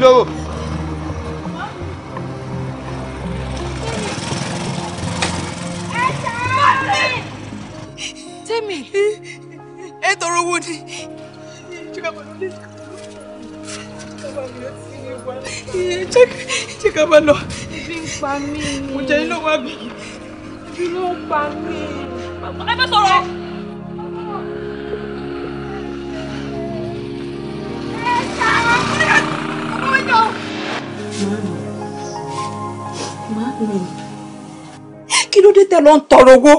성가고 rogó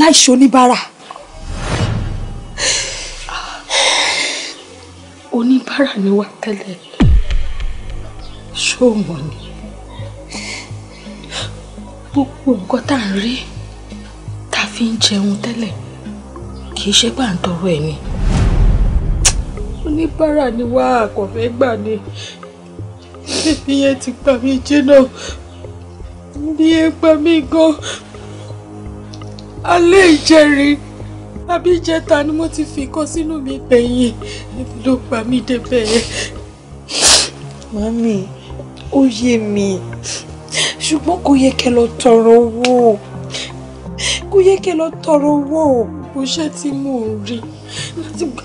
láì ṣe oníbàárà oníbàárà ni wá tẹ́lẹ̀ ṣóòmù ni gbogbo nǹkan tá à ń rí tá a fi ń jẹun tẹ́lẹ̀ kì í ṣe pà ń tọrọ ẹ̀ ni oníbàárà ni wá àkọ́fẹ́ gbà ni ẹbí yẹn ti pa mí jẹ́ náà bí ẹ pa mí gan-an alẹ́ ìjẹrin àbí ìjẹta ni mo ti fi nǹkan sínú mi gbẹ̀yìn ebi ló pa mí débẹ̀ yẹn. mami ó yé mi ṣùgbọ́n kò yẹ kẹ́ lọ tọrọ owó kò yẹ kẹ́ lọ tọrọ owó mo ṣe tí mò ń rí láti gbà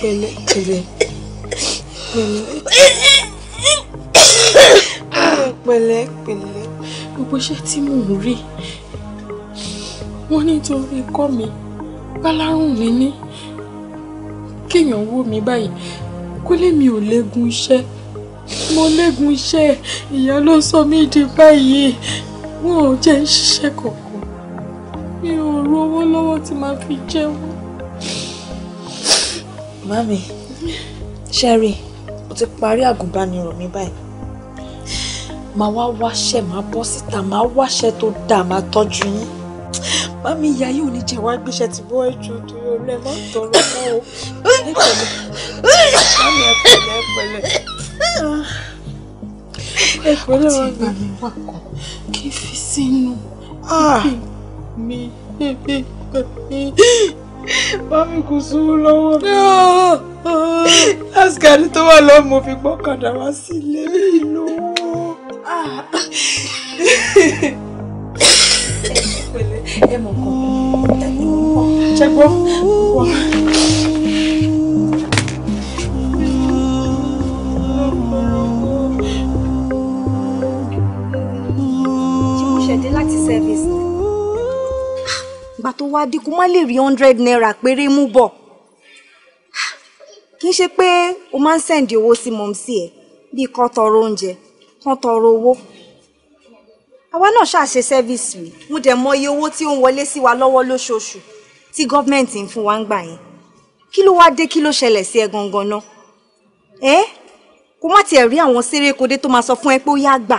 pẹ̀lẹ́pẹ̀lẹ́ pẹ̀lẹ́pẹ̀lẹ́ pẹ̀lẹ́pẹ̀lẹ́ gbogbo iṣẹ́ tí mò ń rí wọ́n nítorí ikọ́ mi bálárùn mi ní kéèyàn wò mí báyìí kó lè mi ò légun iṣẹ́ mo légun iṣẹ́ ìyá ló sọ mí di báyìí wọn ò jẹ́ ń ṣiṣẹ́ kankan mi ò rówó lọ́wọ́ tí màá fi jẹun. mami sherry mo ti parí àgùnbánirọ̀ mi báyìí màá wá wáṣẹ́ màá bọ́ síta màá wáṣẹ́ tó dáa màá tọ́jú yín mami ìyá yìí ò ní jẹ́ wá gbéṣẹ́ ti bọ́ ẹ̀jọ̀ torí ọlẹ́ má tọrọ mọ́ o ẹ̀pẹ̀lẹ́ mami ẹ̀pẹ̀lẹ́ ẹ̀pẹ̀lẹ́ ẹ̀pẹ̀lẹ́ wọn gbà mí wà kọ́ kí n fi sínú ah. mi mami kò sówó lọ́wọ́ mi ah. asgari tó wà lọ́wọ́ mo fi gbọ́kàdà wá sílé mi lówó pẹ̀lẹ́ ẹ mọ̀ nǹkan ẹ mọ̀ nǹkan jẹ́ gbọ́ wà. ṣẹ̀dé láti service. ìgbà tó wá dínkù má lè rí hundred naira péré mú bọ̀ kì í ṣe pé o máa ń sẹ̀ǹdì owó sí mọ̀mísí ẹ̀ bíi kan tọrọ oúnjẹ kan tọrọ owó àwa náà ṣàṣe sẹ́fíìsì rí mo dẹ̀ mọ iye owó tí ó ń wọlé sí wa lọ́wọ́ lóṣooṣù tí gọ́ọ̀mẹ̀ntì ń fún wa ń gbà yẹn kí ló wá dé kí ló ṣẹlẹ̀ sí ẹ gangan náà ẹ kó má tiẹ̀ rí àwọn sérékodé tó máa sọ fún ẹ pé ó yá gbà.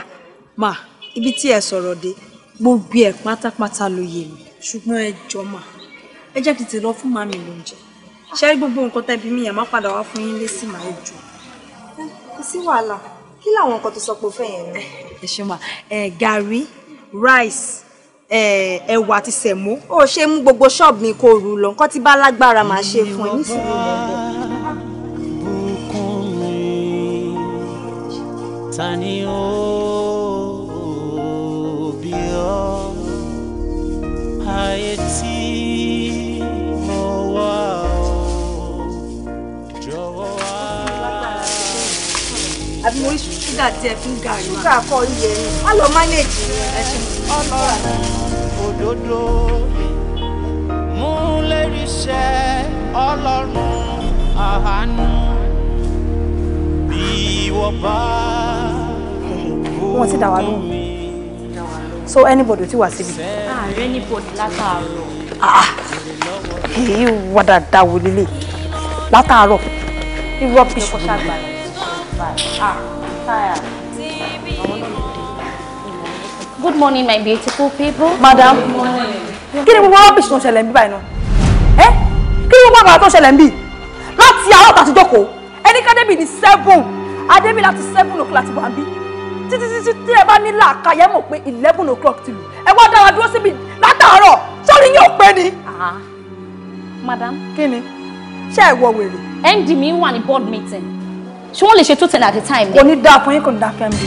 mà ibi tí ẹ sọ̀rọ̀ dé gbogbo ẹ̀ pátápátá ló yé mi ṣùgbọ́n ẹ jọ mà ẹ jẹ́ kí lọ fún màmí lóúnjẹ ṣe gbogbo nǹkan tẹ́bi mi yẹn má padà wá fún yín lé sí màá jù. kò sí wàhálà kí làwọn nǹkan tó sọ pé o fẹ́ yẹn ni. ẹ ṣe mà gàrí rice ẹ̀wà àti sẹ̀mó. ó ṣe mú gbogbo ṣọ́ọ̀bù mi kó rú lọ nǹkan tí bá lágbára máa ṣe fún ẹ nísìnyí ta ni ó. ṣúgà tí ẹ fi ń gàrí wa. ṣúgà kọ iye ni má lọ mánéèjì ẹ ṣe ọ̀nà òdodo mú lérí ṣẹ ọlọ́run àánú bí wọ́n bá wọ́n ti dà wá lóhùn so anybody ti wà síbi. ààrẹ anybody látàárọ̀. Ah, èyí wà dáadáa wò lélẹ̀ látàárọ̀ irú ọ̀pìṣù. Good morning, my beautiful people. Madam. Good morning. Kí ni gbogbo rubbish tó ń ṣẹlẹ̀ ń bí báyìí náà? Ẹ́ kí ni gbogbo àbàrà tó ń ṣẹlẹ̀ ń bí? Láti àárọ̀ tàti jókòó, ẹni ká débi ní seven, Adébí láti seven o'clock láti wà ń bí. Títí títí tí ẹ bá ní làákàyè mọ̀ pé eleven o'clock ti lù. Ẹ wá dára dúró síbi látàárọ̀, sórí yóò pé ni. Ah. Madam. Kini. ni? Ṣé ẹ wọ wèrè? mi wà ní board meeting ṣé wọ́n lè ṣe two ten at a time ni. ní dáa fún yín kò ní dáa fún md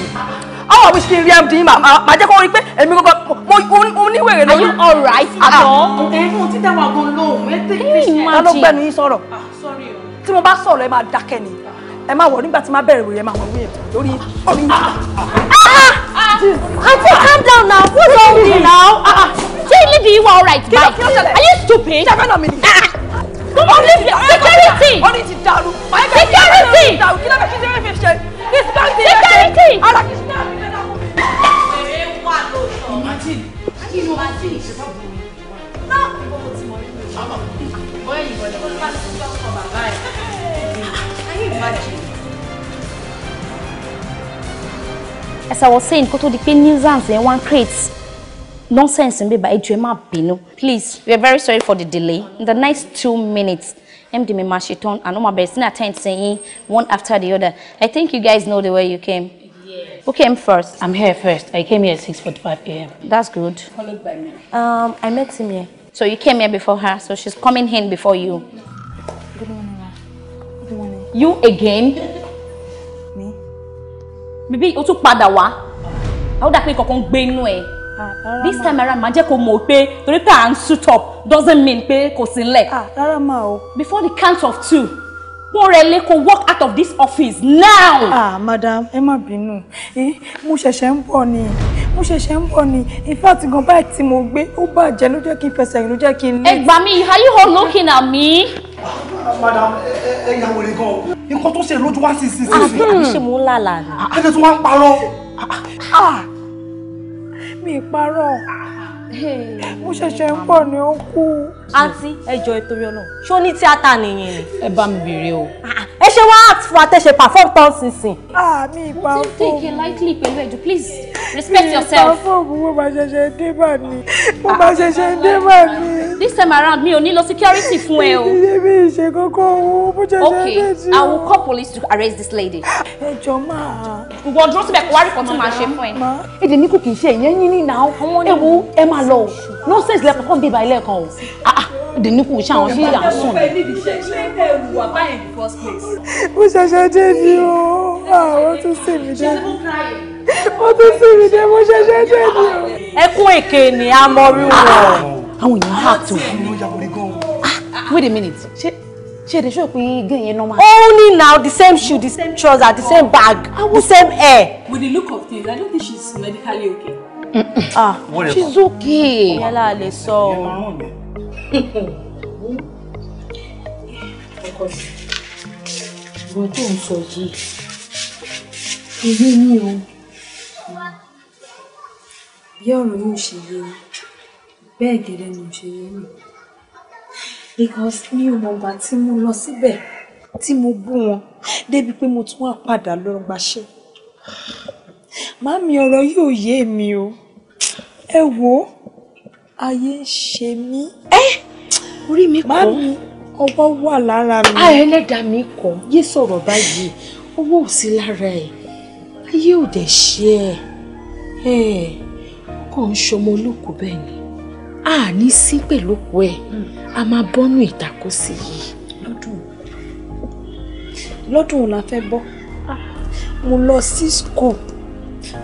àwọn mi ṣe rí md yín màá jẹ́ kó rí pé èmi gbogbo mo níwèrè lórí. are you alright at all. Ah. ẹ fún ti dáwà gan lóhùn ẹ tẹ kí ṣe. ta gbẹnu yín sọ̀rọ̀ ah, tí mo bá sọ̀rọ̀ ẹ máa dákẹ́ ni ẹ máa wọ̀ nígbà tí máa bẹ̀rẹ̀ wèrè máa wọ̀ wíyẹn lórí orí. aunty ah, calm down now what's wrong with you now. ṣé ilé di ìwà alright bye are you stupid security orí ti dàrú security kí ló fẹ́ kí ló fẹ́ ṣe security ara kì í sinmi àmì lẹ́dà kò fi. èrè wà lóòótọ́. martin kí ló máa ti ìṣe fún mi. náà kò gbogbo tí mo rí mi. bóyá ìbọn ni mo bá ti gbọ́ ọkọ bàbá ẹ̀. ayé ìbàjẹ́. as i was saying kó tó di pé nuisance yẹn wan create nonsense n bíbá ẹjọ ẹ má bínú. please we are very sorry for the delay in the next two minutes md mi ma ṣetán àná ma bẹ̀rẹ̀ sí ní attend sẹ́yìn one after the other i think you guys know the way you came. Yes. Who came first? I'm here first. I came here at 6.45 a.m. That's good. Followed by me. Um, I met him here. So you came here before her, so she's coming in before you. Good morning, ma. Good morning. You again? Me? Bíbí, o tún padà wá. Àwọn dàpẹ́ kankan gbé inú ẹ̀. Ah, this time around máa jẹ́ kó mọ̀ pé torí pé à ń suit up doesn't mean pé kò sí nlẹ̀. Ah, rárá máa o. before the count of two Morele kó walk out of this office now. ah madam ẹ má bínú mo ṣẹ̀ṣẹ̀ ń bọ̀ ni mo ṣẹ̀ṣẹ̀ ń bọ̀ ni in fact gan báyìí tí mo gbé ó bàjẹ́ ló jẹ́ kí n fẹsẹ̀ rìn ló jẹ́ kí n lé. ẹ gbà are you all looking at me. Ah, madam ẹ ẹ yàwó rẹ gan o nǹkan tó ṣe lójú wá sí sí sí. àbí ṣe mò ń lálàá ni. àjẹtún wa ń parọ́ mi parọ́ ah. mo ṣẹ̀ṣẹ̀ ń pọ̀ ní ó kú àǹtí ẹjọ ìtorí Ọlọ́run ṣé ó ní tíátà nìyẹn ni. ẹ bá mi bèrè o. Ah, ah. ẹ ṣe wá act fún àtẹ̀ṣe perform tán sísìn. àmì ìpàfọ́ mo ti take it lightly pẹ̀lú ẹ̀jú please respect yourself. ìpàfọ́ mo máa ṣẹ̀ṣẹ̀ dé bà ní mo ah, máa ṣẹ̀ṣẹ̀ dé bà ní. this time around mi ò nílò security fún ẹ o. ìṣèbí ìṣe kókó owó mo ṣẹ̀ṣẹ̀ dé jù. okay I will call police to arrest this lady. ẹjọ máa. ìwọ dúró síbẹ̀ kó wá rí kan tó máa ṣe fún ẹ. èdè ní kò kì í ṣe ìyẹn yín ní ìnáwó ewu ẹ máa lọ nọ́ọ̀sẹ̀sì dèní kù ṣe àwọn fíìlì à ń sùn ni. mo ṣẹ̀ṣẹ̀ dé ni o àwọn ah, tún sì mí dé wọ́n tún sì mí dé mo ṣẹ̀ṣẹ̀ dé ni o. ẹkún èké ni a mọ rí wọn. Ah, ah. àwọn èèyàn hà tó. wait a minute ṣé ṣe èdè ṣòpin gẹ̀yẹ normal. only now the same shoe the same trouser the same bag the same hair. with the look of things i don't think she's medically okay. ah she's okay. yálà lè sọ o ọkọ mi ìwọ tó o bí ọ̀rọ̀ yóò ṣe yé bẹ́ẹ̀ gẹ́gẹ́ ni ò ṣe yé mi because mi ò tí mo lọ síbẹ̀ tí mo bú wọn débi pé mo tún wá padà lọ gbaṣẹ́ màámi ọ̀rọ̀ yóò yé mi o ẹ wò ayé ń ṣe mí. ẹ orí mi kọ́ mami ọwọ́ wà lára mi. ayé ẹlẹ́dàá mi kọ́ yé sọ̀rọ̀ báyìí ọwọ́ ò sí lára ẹ̀ ayé ò dẹ̀ ṣe ẹ̀ ẹ̀ kàn ń ṣọmọ olókùú bẹ́ẹ̀ ni a ní sí pẹ̀lú òkú ẹ̀ a máa bọ́nú ìtàkùsí yìí. lọ́dún lọ́dún la fẹ́ bọ́ mo lọ sí school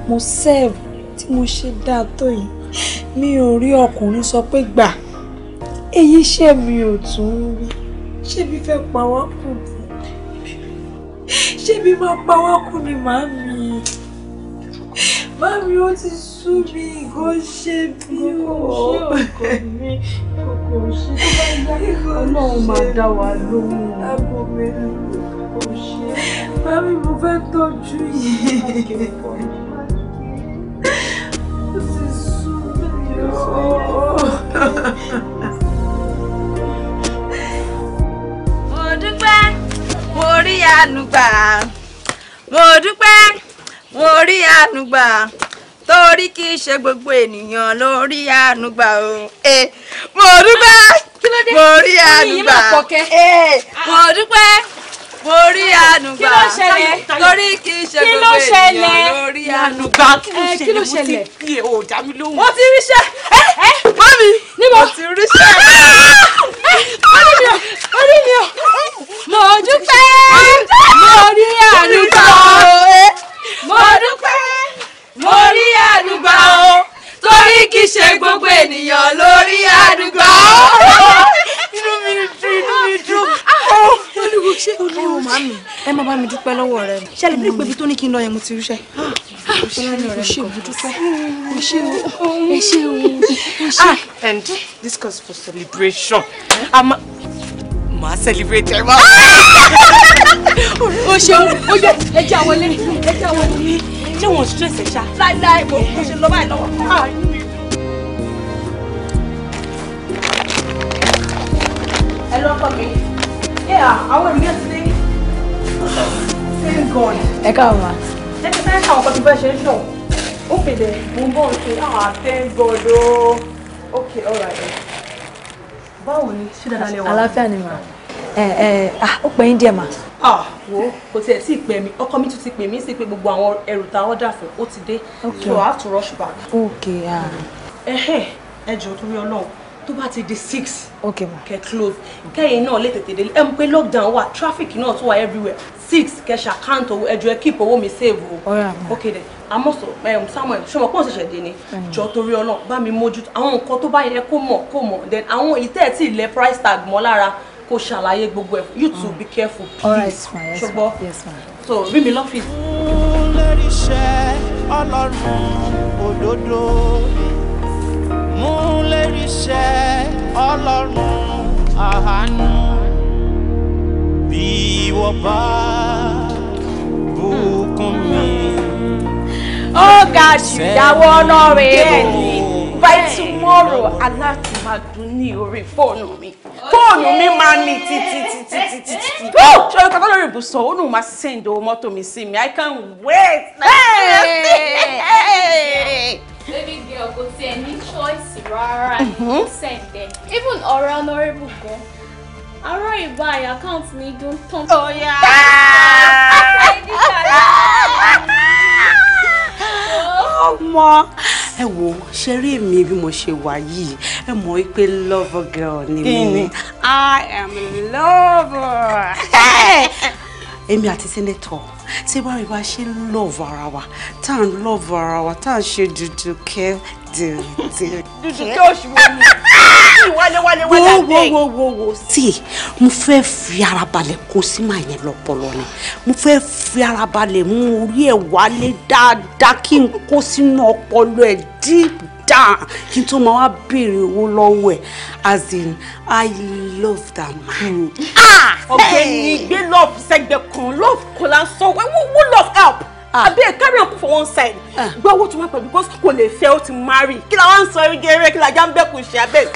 mo serve tí mo ṣe dáa tó yìí mi ò rí ọkùnrin sọ pé gbà èyí ṣe mi ò tún rí ṣé fẹ́ pa wá kù ṣé bí máa pa wá kù ni màá mi màá ó ti sú mi kò ṣe bí o kò ṣe kò ṣe tó bá Ọlọ́run máa dá wa lóhùn lágbo ṣe màá mo fẹ́ tọ́jú yìí. mo dúpẹ́ mo rí àánú gbà mo dúpẹ́ mo rí àánú gbà torí kì í ṣe gbogbo ènìyàn ló rí àánú o mo dúpẹ́ mo rí àánú mo dúpẹ́ mo rí ànúgbà torí kì í ṣe gbogbo ènìyàn lórí ànúgbà kí ló eh, ṣẹlẹ̀ mo ti kí ẹ ò dá mi lóhùn. mo ti ríṣẹ́ eh, eh, mami níbo mo ti ríṣẹ́. orí mi ò orí mi ò mo dúpẹ́ mo rí ànúgbà o mo dúpẹ́ mo rí ànúgbà o torí kì í ṣe gbogbo ènìyàn lórí ànúgbà o. inú mi dùn inú mi dùn olúwo ṣe ẹ má bá mi dúpẹ́ lọ́wọ́ rẹ ṣe lè bí ìpèbí tó ní kí n lọ yẹn mo ti ríṣẹ́ ah, ah, and this calls for celebration màá celebrate ẹ máa. o ṣeun o yẹ ẹ jẹ́ àwọn ilé ẹ jẹ́ àwọn ilé ṣé wọn stress ẹ ṣá. láíláí mo ṣe lọ báyìí lọ́wọ́. Ah. Hello, family. Yeah, I ènìyàn ti dé. Thank God. Ẹ káàmà. Ẹ ti fẹ́ kàwọn kan tó bá the ń show. Ó fèdè mú bọ́ ah thank God oh. Okay, all right. Báwo ni ṣé dáadáa lè wà? Àlàáfíà ni màá ẹ ẹ ah ó pẹ́ yín díẹ̀ mà. ah wo kò tiẹ̀ sí ìpè mi ọkọ mi tún ti pè mí sí pé gbogbo àwọn ẹrù tá a order fún ó ti dé so I have to rush back. ok ah. ẹ jọ̀ọ́ torí Ọlọ́run tó bá ti di six. ok ma kẹ close kẹyìn náà lè tètè délé ẹ mọ̀ pé lockdown wà traffic náà tún wà everywhere six kẹ ṣàkáǹt owó ẹjọ ẹ keep owó mi save o. ọ̀rẹ́ àmọ́ ok then amoso um, samuel ṣọmọ pọ̀ ṣẹ̀ṣẹ̀ dé ni jọ torí ọlọ́run bá mi mójútó àwọn nǹkan tó bá yẹ kó mọ̀ kó mọ̀ then àwọn ìtẹ́ ẹ̀ tí ilẹ̀ price tag mọ́ lára kó ṣàlàyé gbogbo ẹ̀ you too be careful please ṣùgbọ́n so rí mi lọ́fíìsì. ọlọ́run òdodo lérí iṣẹ́ ọlọ́run àánú bí ìwọ bá bùkún mi. ó ga ṣùdáwọ́ ọlọ́run èèyàn by tomorrow aláàtì máa dún ní orí fóònù mi fóònù mi máa ní títí títí títí títí ṣé o kọ́kọ́ lórí ibùsọ̀ ó nù máa send owó mọ́tò mi sí mi i can't wait. Hey! Hey! Hey! baby girl go see any choice rárá mhm. ní them? even ọ̀rẹ́ go. gan arọ́ ìbá account mi dún tán. ọ̀yà oh, ọmọ oh, ẹ wo ṣe rí èmi bí mo ṣe wà yìí ẹ mọ̀ pé love girl ni mi ni I am love. èmi àti sẹ́nẹ́tọ̀ tí bá rí bá ṣe ń lọ́ọ̀vù ara wa tá à ń lọ́ọ̀vù ara wa tá à ń ṣe dùdùkẹ́ dìrìndìrì. dùdùkẹ́ oṣù wo ni wálé wálé wálé àdé. wo wo wo wo sí mo fẹ́ fi ara balẹ̀ kó sí màá yẹn lọ́pọlọ ni mo fẹ́ fi ara balẹ̀ mú orí ẹ̀ wálé dáadáa kí n kó sínú ọpọlọ ẹ̀ díìpù down kí n tó máa wá béèrè owó lọ́wọ́ ẹ̀ as in i love that man. Hmm. Ah! Ah, ọ̀gbẹ́ni gbé love sẹ́gbẹ̀ kan love kò la sọ wọ́n love help ah. àbí ẹ carry up for one side gbọ́ owó tó máa pẹ̀ because kò lè fẹ́ ó ti marry kí la wá ń sọ eré eré kí la já ń bẹ́ kò ṣe abẹ́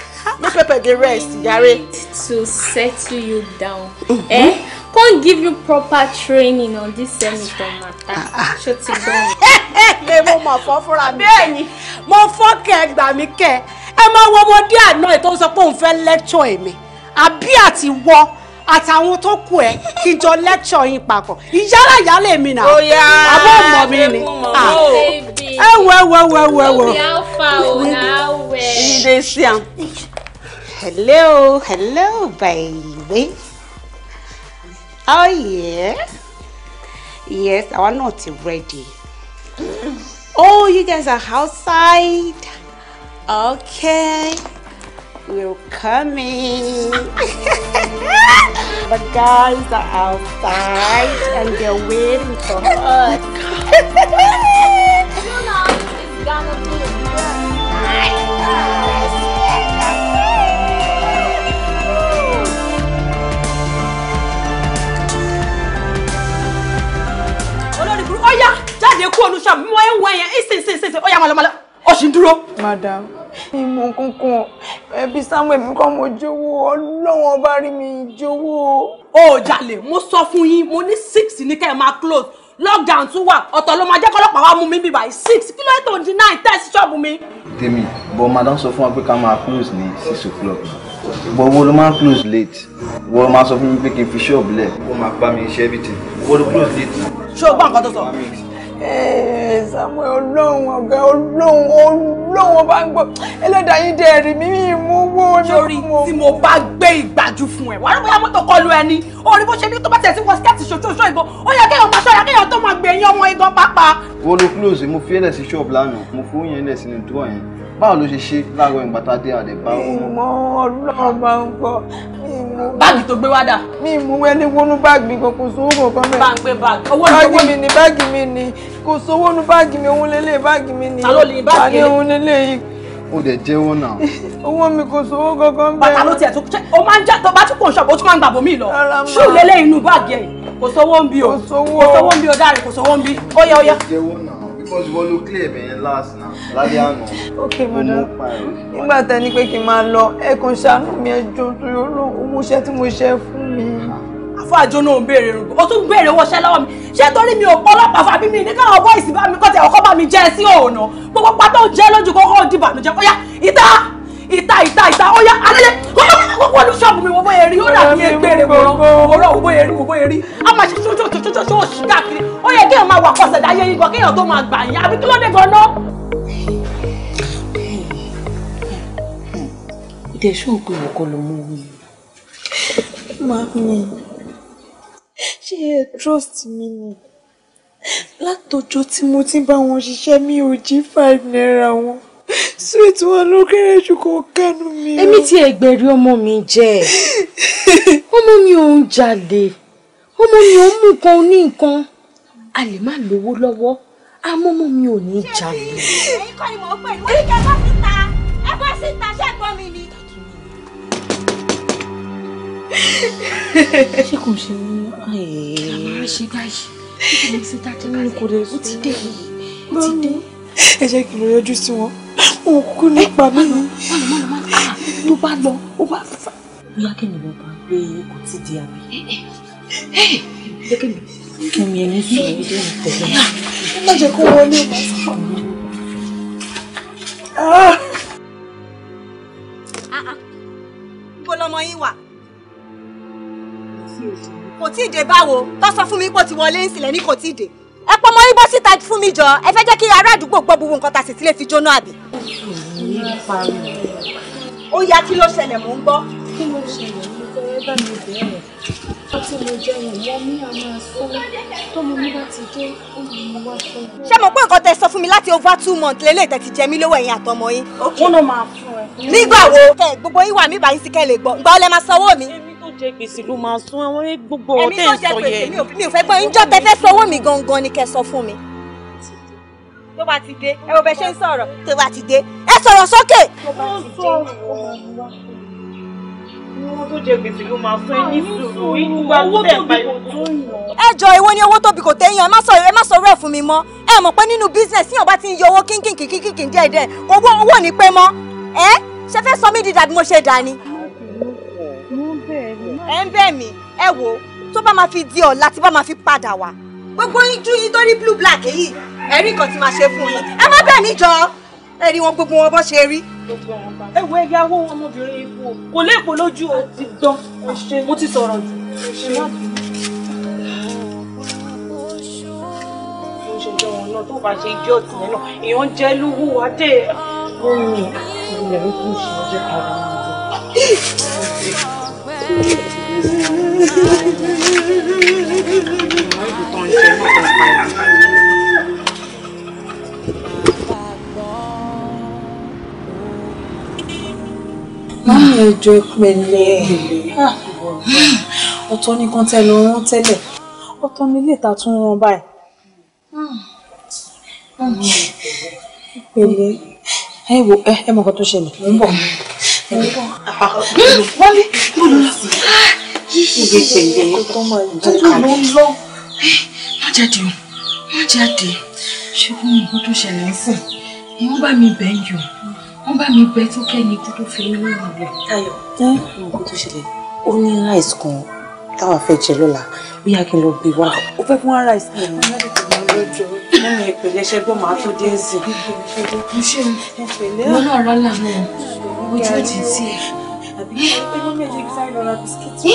no pepper dey rest jàre. to settle you down. Mm -hmm. eh? can't give you proper training on this semi. senator matter ṣó ah, ah. ti gbọ́ mi. pé mo mọ̀ fọ́ fúnra mi. bẹ́ẹ̀ni mo fọ́ kẹ́ ẹ gbà mí kẹ́ ẹ máa wọ ọmọdé àná ẹ̀ tó ń sọ pé òun fẹ́ lecture èmi àbí àti wọ́ àtàwọn tó kù ẹ kí n jọ lecture yín papọ̀ ìyára ìyálé mi nà àbọ̀ mọ̀ mi ni ah. ẹ wọ ẹ wọ ẹ wọ ẹ wọ ẹ wọ. Hello, hello, baby. Oh yes. Yes, our not ready. Oh, you guys are outside. Okay. We're coming. the guys are outside and they're waiting for us. jáde kúrò ní ṣọ́ọ̀bù mo ń wọ ẹ̀yẹn ìsinsìnyí ó yá máa lọ máa lọ ó sì ń dúró. madam ìmọ̀ kankan ẹbí samuel mi kọ́ mo jówó ọlọ́wọ́n ọba rí mi jówó. ó Jale, mo sọ fún yín mo ní six ní kẹ́ ẹ close lockdown tún wà ọ̀tọ̀ ló máa jẹ́ kọ́lọ́pàá wa mú mi bíbá yìí six kí ló tó di nine ten sí ṣọ́ọ̀bù mi. Demi, bọ madam sọ fún wa pé ká máa close ní six o'clock bọ wo ló máa close late wo máa sọ fún mi pé kí n fi ṣọ́ọ̀bù lẹ̀ wọ́n máa pa mi iṣẹ́ bìtì wo ló close late. ṣé o gbọ́ nǹkan tó Samuel ọlọ́run ọ̀gá ọlọ́run ọlọ́run ọba ń gbọ́ ẹlẹ́dàá yín dẹ̀ rí mi mú owó mi. sori tí mo bá gbé ìgbàjú fún ẹ wà á bóyá mọ́tò kọlu ẹni orí bó ṣe ní tó bá tẹ̀ sí wọ skẹ́ẹ̀tì ṣojú oṣù ìbò ó yẹ kéèyàn máa ṣọ́ra kéèyàn tó máa gbé ẹyin ọmọ igan pápá. wọ́n ló close mo fi ẹ̀lẹ̀ sí ṣọ́ọ̀bù lánàá mo fún yẹn lẹ̀ sínú dúrọ̀ yẹn báwo ló ṣe ṣe láàárọ̀ ìgbà tá a dé àlè bá ọmọ. ìmọ̀ ọlọ́run bá ń kọ́ ìmú. báàgì tó gbé wá dà. mi ìmú ẹni wọnú báàgì kan kò sówó kankan mẹ́rin. bá ń pè báàgì. owó ni owó mi ni báàgì mi ni kò sówó nu báàgì mi òun lélẹ̀ báàgì mi ni. ta ló lè báàgì rẹ. ta ni òun lélẹ̀ yìí. o dẹ̀ jẹ́wọ́ náà. owó mi kò sówó kankan mẹ́rin. bàtà ló tiẹ̀ tó ṣe o máa ń jẹ́ tó bá tún kò ń ṣọ̀bù o tún máa ń gbàgbọ́ mi lọ. ṣù lélẹ̀ inú báàgì ẹ̀ kò sówó ń bí o kò sówó ń bí o dáre kò sówó ń bí ó yẹ ó yẹ. jẹ́wọ́ náà because wọ́n ló clear bẹ̀yẹn last na lálẹ́ àná. ok madam nígbà tá a ní pé kí n máa lọ ẹ kàn ṣàánú mi ẹjọ́ torí owó iṣẹ́ tí mo ṣe fún mi. àfáàjọ náà ń béèrè rògbò ó tún béèrè owó iṣẹ́ lọ́wọ́ mi ṣé torí mi ò pọ́ ọlọ́pàá fàbí mi ní káwọn bọ́ìsì bá mi kọ́tẹ̀ ọkọ́ bá mi jẹ́ sí òòna gbogbo pátá ò jẹ́ lójú kọ́kọ́ ò dìbànújẹ́ ó yá ìta ìta ìta ìta ó yá wọ́n ní ṣọ́ọ̀bù mi wọ́n bóyá rí ó dàbí egbèrè wọ́n òwúrọ̀ wọ́n bóyá rí wọ́n bóyá rí a máa ṣe ṣóṣóṣóṣóṣó òṣì káàkiri ó yẹ kéèyàn máa wà kọsẹ̀ dáyé yín gan kéèyàn tó máa gbà yín àbí kí ló dé gan náà. ìdè ṣóògùn ìwọ̀kọ ló mú mi. màmí ṣé ẹ trust mi ni látọjọ́ tí mo ti bá wọn ṣiṣẹ́ mi ò jí five naira wọn sweet wọn ló kéré jù kó kánú mi o. èmi tí ẹgbẹ̀rí ọmọ mi jẹ́ ọmọ mi ò ń jalè ọmọ mi ò ń mú nǹkan ní nǹkan a lè má lówó lọ́wọ́ àmọ́ ọmọ mi ò ní jalè. èyí kọ́ ni mò ń pè ní orí kẹ́ bá síta ẹ bá síta ṣẹ́gbọ́n mi ni. ṣé kò ṣe ní àyè ṣe báyìí ṣé kò ní síta tó ní kò lè sùn. ti dé ó ti dé. ẹ jẹ́ kí n lọ yọjú sí wọn. O òkú nípa mi. ló bá lọ ó bá fà. bóyá kẹ́mi ló bá gbé kò tí di àbí. kẹ́mi ẹni sọ ilé ìtẹ̀lẹ́. ó má jẹ́ kó wọlé. níbo ah. ah, ah. lọmọ yín wà? kò tí ì dé báwo tó sọ fún mi pé ó ti wọlé ń sílẹ̀ ní kò tí ì dé ẹ pọ mọ ibo síta fún mi jọ ẹ fẹ́ jẹ́ kí ará àdúgbò gbọ́ gbogbo nǹkan tá sì ti lè fi jóná àbí. ó yá kí ló ṣẹlẹ̀ mò ń gbọ́. kí ló ṣẹlẹ̀ mo fẹ́ bá mi bẹ̀rẹ̀ ó ti lè jẹun mọ́ mi a máa sọ tó mo ní láti dé ó lè mú wá fún mi. ṣé mo pé nǹkan tẹ sọ fún mi láti over two months lélẹ̀ tẹ ti jẹ mí lówó ẹ̀yìn àtọmọ yín. wọ́n lọ máa fún ẹ. nígbà wo gbogbo yín wà mí báyìí sí kẹ́ lè gbọ́ ǹgbà ó lẹ máa sanwó mi jẹ́ gbèsè ló máa sún àwọn gbogbo ọ̀tẹ̀ ń sọ yẹn. èmi ò fẹ́ gbọ́ ìjọ tẹ fẹ́ sọ owó mi gangan ni kẹ́ sọ fún mi. tó bá ti dé ẹ wo bẹ ṣe ń sọ̀rọ̀ tó bá ti dé ẹ sọ̀rọ̀ sókè. tó bá ti dé owó tó jẹ gbèsè ló máa fún ẹ ní sùúrù ìgbà tó tẹ̀ báyìí tó yàn. ẹ jọ ìwọ ni owó tóbi kò téèyàn ẹ ẹ má sọ̀rọ̀ ẹ fún mi mọ́ ẹ mọ̀ pé nínú business yóò bá ti ń yọ owó kínkìnkìnkìnkìn díẹ̀ díẹ̀ owó ní pé mọ́ ẹ ṣe fẹ́ sọ mí di dàbí mo ṣe dà ni ẹ̀ ń bẹ̀ mí ẹ wo tó bá máa fi di ọ̀la tí bá máa fi padà wá gbogbo ijú yín tó rí blue black yìí ẹ̀rí nǹkan tí máa ṣe fún yín ẹ má bẹ̀ níjọ ẹ rí wọn gbogbo wọn bọ́ ṣe rí. ẹ wo ẹyàwó ọmọbìnrin yìí fún o kò léèpò lójú o ti dán mo ti sọ̀rọ̀ jù. ọ̀nà jẹ́ lówó wa dé. ó ní ìrẹ̀lẹ́ ọjọ́ kan ẹjọ́ ah, ìpẹ̀lẹ́ ọ̀tọ̀ nìkan tẹ̀lé wọn tẹ́lẹ̀ ọ̀tọ̀ nílé ìta tún wọn báyìí. ìpẹ̀lẹ́ ẹ wo ẹ mọ̀ nǹkan tó ṣẹlẹ̀ mò ń bọ̀. wọ́n ní mo lọ lọ iye tẹ̀lé gbogbo ló ń lọ. má jáde o má jáde ṣé kó mú nǹkan tó ṣẹlẹ̀ ń sìn wọ́n bá mi bẹ̀ ń yọ wọ́n bá mi bẹ̀ tó kẹ́ni ikú tó fi inú ìlú rẹ̀. Táyọ̀ nǹkan tó ṣẹlẹ̀ ó ní ráìsì kan táwa fẹ́ jẹ lọ́la bóyá kí n lọ gbé wá. ó fẹ́ fún wa ráìsì kan ní ọjọ́ tó máa lọ́jọ́ nínú ìpìlẹ̀ ṣẹ́gbọ́n máa tó dé sí. mo ṣe mo náà rálá náà ojú ò ti tiẹ̀. àbí pé mo mẹ́rin sáré lọ ra bisikíìtì.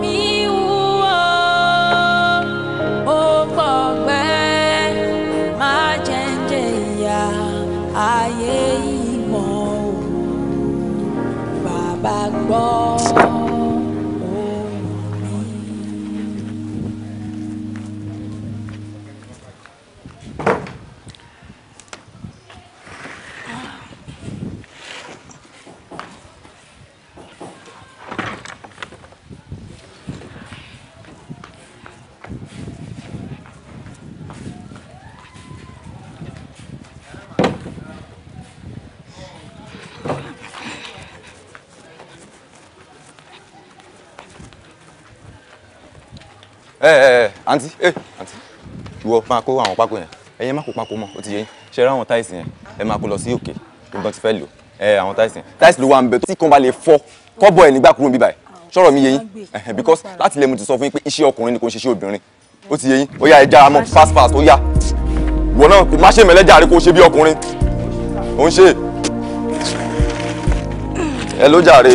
ayé ìmọ̀ òun bàbá gbọ́. ẹ ẹ àǹtí ẹ àǹtí ìwọ máa kó àwọn pákó yẹn ẹyẹ má kó pákó mọ́ ó ti yé yín ṣe ra àwọn táìsì yẹn ẹ máa kó lọ sí òkè gbọ́n ti fẹ́ lò ẹ àwọn táìsì yẹn táìsì ló wà ń bẹ tí kan bá lè fọ́ kọ́bọ̀ ẹ̀ nígbà kúrò ń bíbà ẹ̀ ṣọ́rọ̀ mi yé yín eh, because láti lè mo ti sọ fún yín pé iṣẹ́ ọkùnrin ni kò ń ṣiṣẹ́ obìnrin ó ti yé yín ó yá ẹ jára mọ́ fast fast ó yá ìwọ náà kò má ṣe mẹ́lẹ́jà rí kó ṣe bí ọkùnrin ó ń ṣe ẹ ló jàre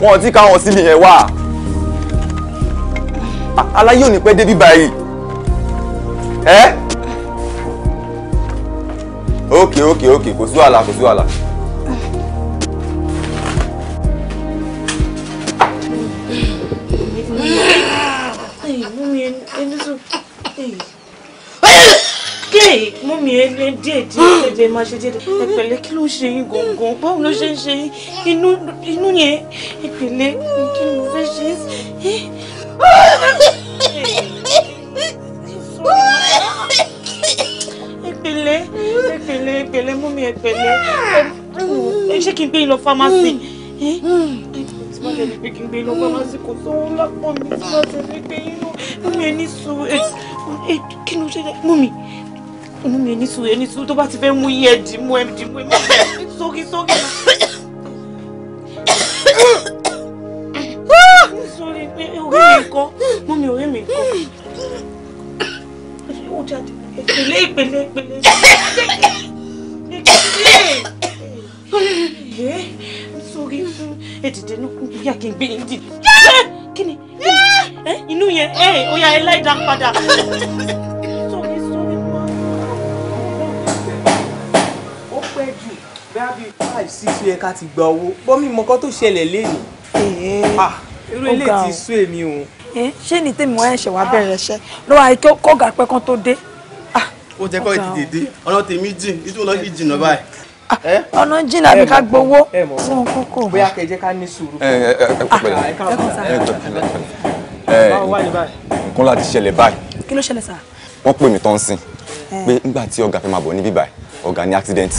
wọn ti káwọn sílì yẹn wá aláyé ò ní pẹ́ débi báyìí ẹ́ ókè ókè ókè kò sí wàhálà kò sí wàhálà. mọ́mí ẹ lé díẹ̀ díẹ̀ ẹ̀jẹ̀ máa ṣe díẹ̀ ẹ pẹ̀lẹ́ kí ló ń ṣe yín gọ̀ǹgọ̀ báwo ló ṣe ń ṣe yín inú yẹn ẹ pẹ̀lẹ́ kí ló fẹ́ ṣe é ẹpẹ̀lẹ́ ẹpẹ̀lẹ́ ẹpẹ̀lẹ́ mú mi ẹpẹ̀lẹ́ ẹ ṣé kí n gbé yín lọ fámásì ẹ tí wọn lè gbé kí n gbé yín lọ fámásì kò sówó lápò mi mumi. Mumi ti fi gbé yín lọ mú mi ẹni sùn ẹ kí ló ṣe dẹ mú mi mú mi ẹni sùn ẹni sùn tó bá ti fẹ́ mú yí ẹ dì mú ẹ dì mú ẹ má bẹ̀rẹ̀ sókè sókè. jáde ìpele ìpele ìpele ìpele sórí fún ètìdé inú kún bóyá kí n gbé yín dìde kí ni inú yẹn ó yá ẹ láì dá padà. bíi five six yẹ ká ti gba owó bọ́mí mọ́kọ́ tó ṣẹlẹ̀ lénìí ah, irú ilé ti sú èmi o. Eh, ṣé ní tèmi wọ́n ẹ̀ṣẹ̀ wá bẹ̀rẹ̀ ṣẹ́ lọ́wọ́ àìkẹ́ kọ́gà pẹ́ kan tó dé. Ah, ó tẹ́kọ̀ ètìtì dé ọ̀nà tèmi jìn ìtumọ̀ lọ́ọ́ sì jìnnà báyìí ah, eh? ọ̀nà jìnnà àbí ká gbowó eh, fún kókó. bóyá kẹ jẹ́ ká ní sùúrù. Ah, ẹ ẹ ẹ nǹkan láti ṣẹlẹ̀ báyìí. kí ló ṣẹlẹ̀ sà. wọ́n pè mí tán sí pé nígbà tí ọ̀gá fẹ́ máa bọ̀ níbí báyìí ọ̀gá ní accident.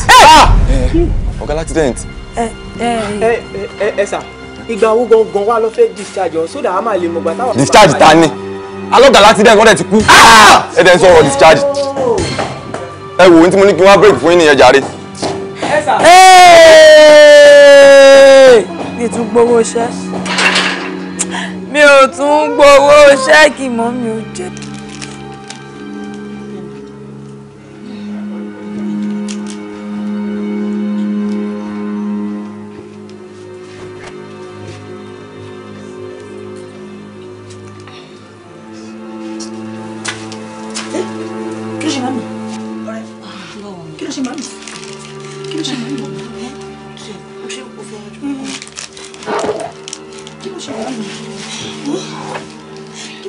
ọ̀gá ní accident. ẹ ẹ ẹ sà ìgbà wo gangan wa ló fẹ́ discharge ọ sódà á máa lè mọ̀ gbà táwọn. discharge ta ni alọ́gà láti dẹ́n kọ́dẹ̀ ti kú ah! ẹ dẹ́n sọ̀rọ̀ discharge ẹ wò ó tí mo ní kí wọ́n break fún yín nìyẹn jàre. ẹ sà. mi tún gbowó ṣẹ́ mi ò tún gbowó ṣẹ́ẹ̀kì mọ́ mi ò jẹ́ kí.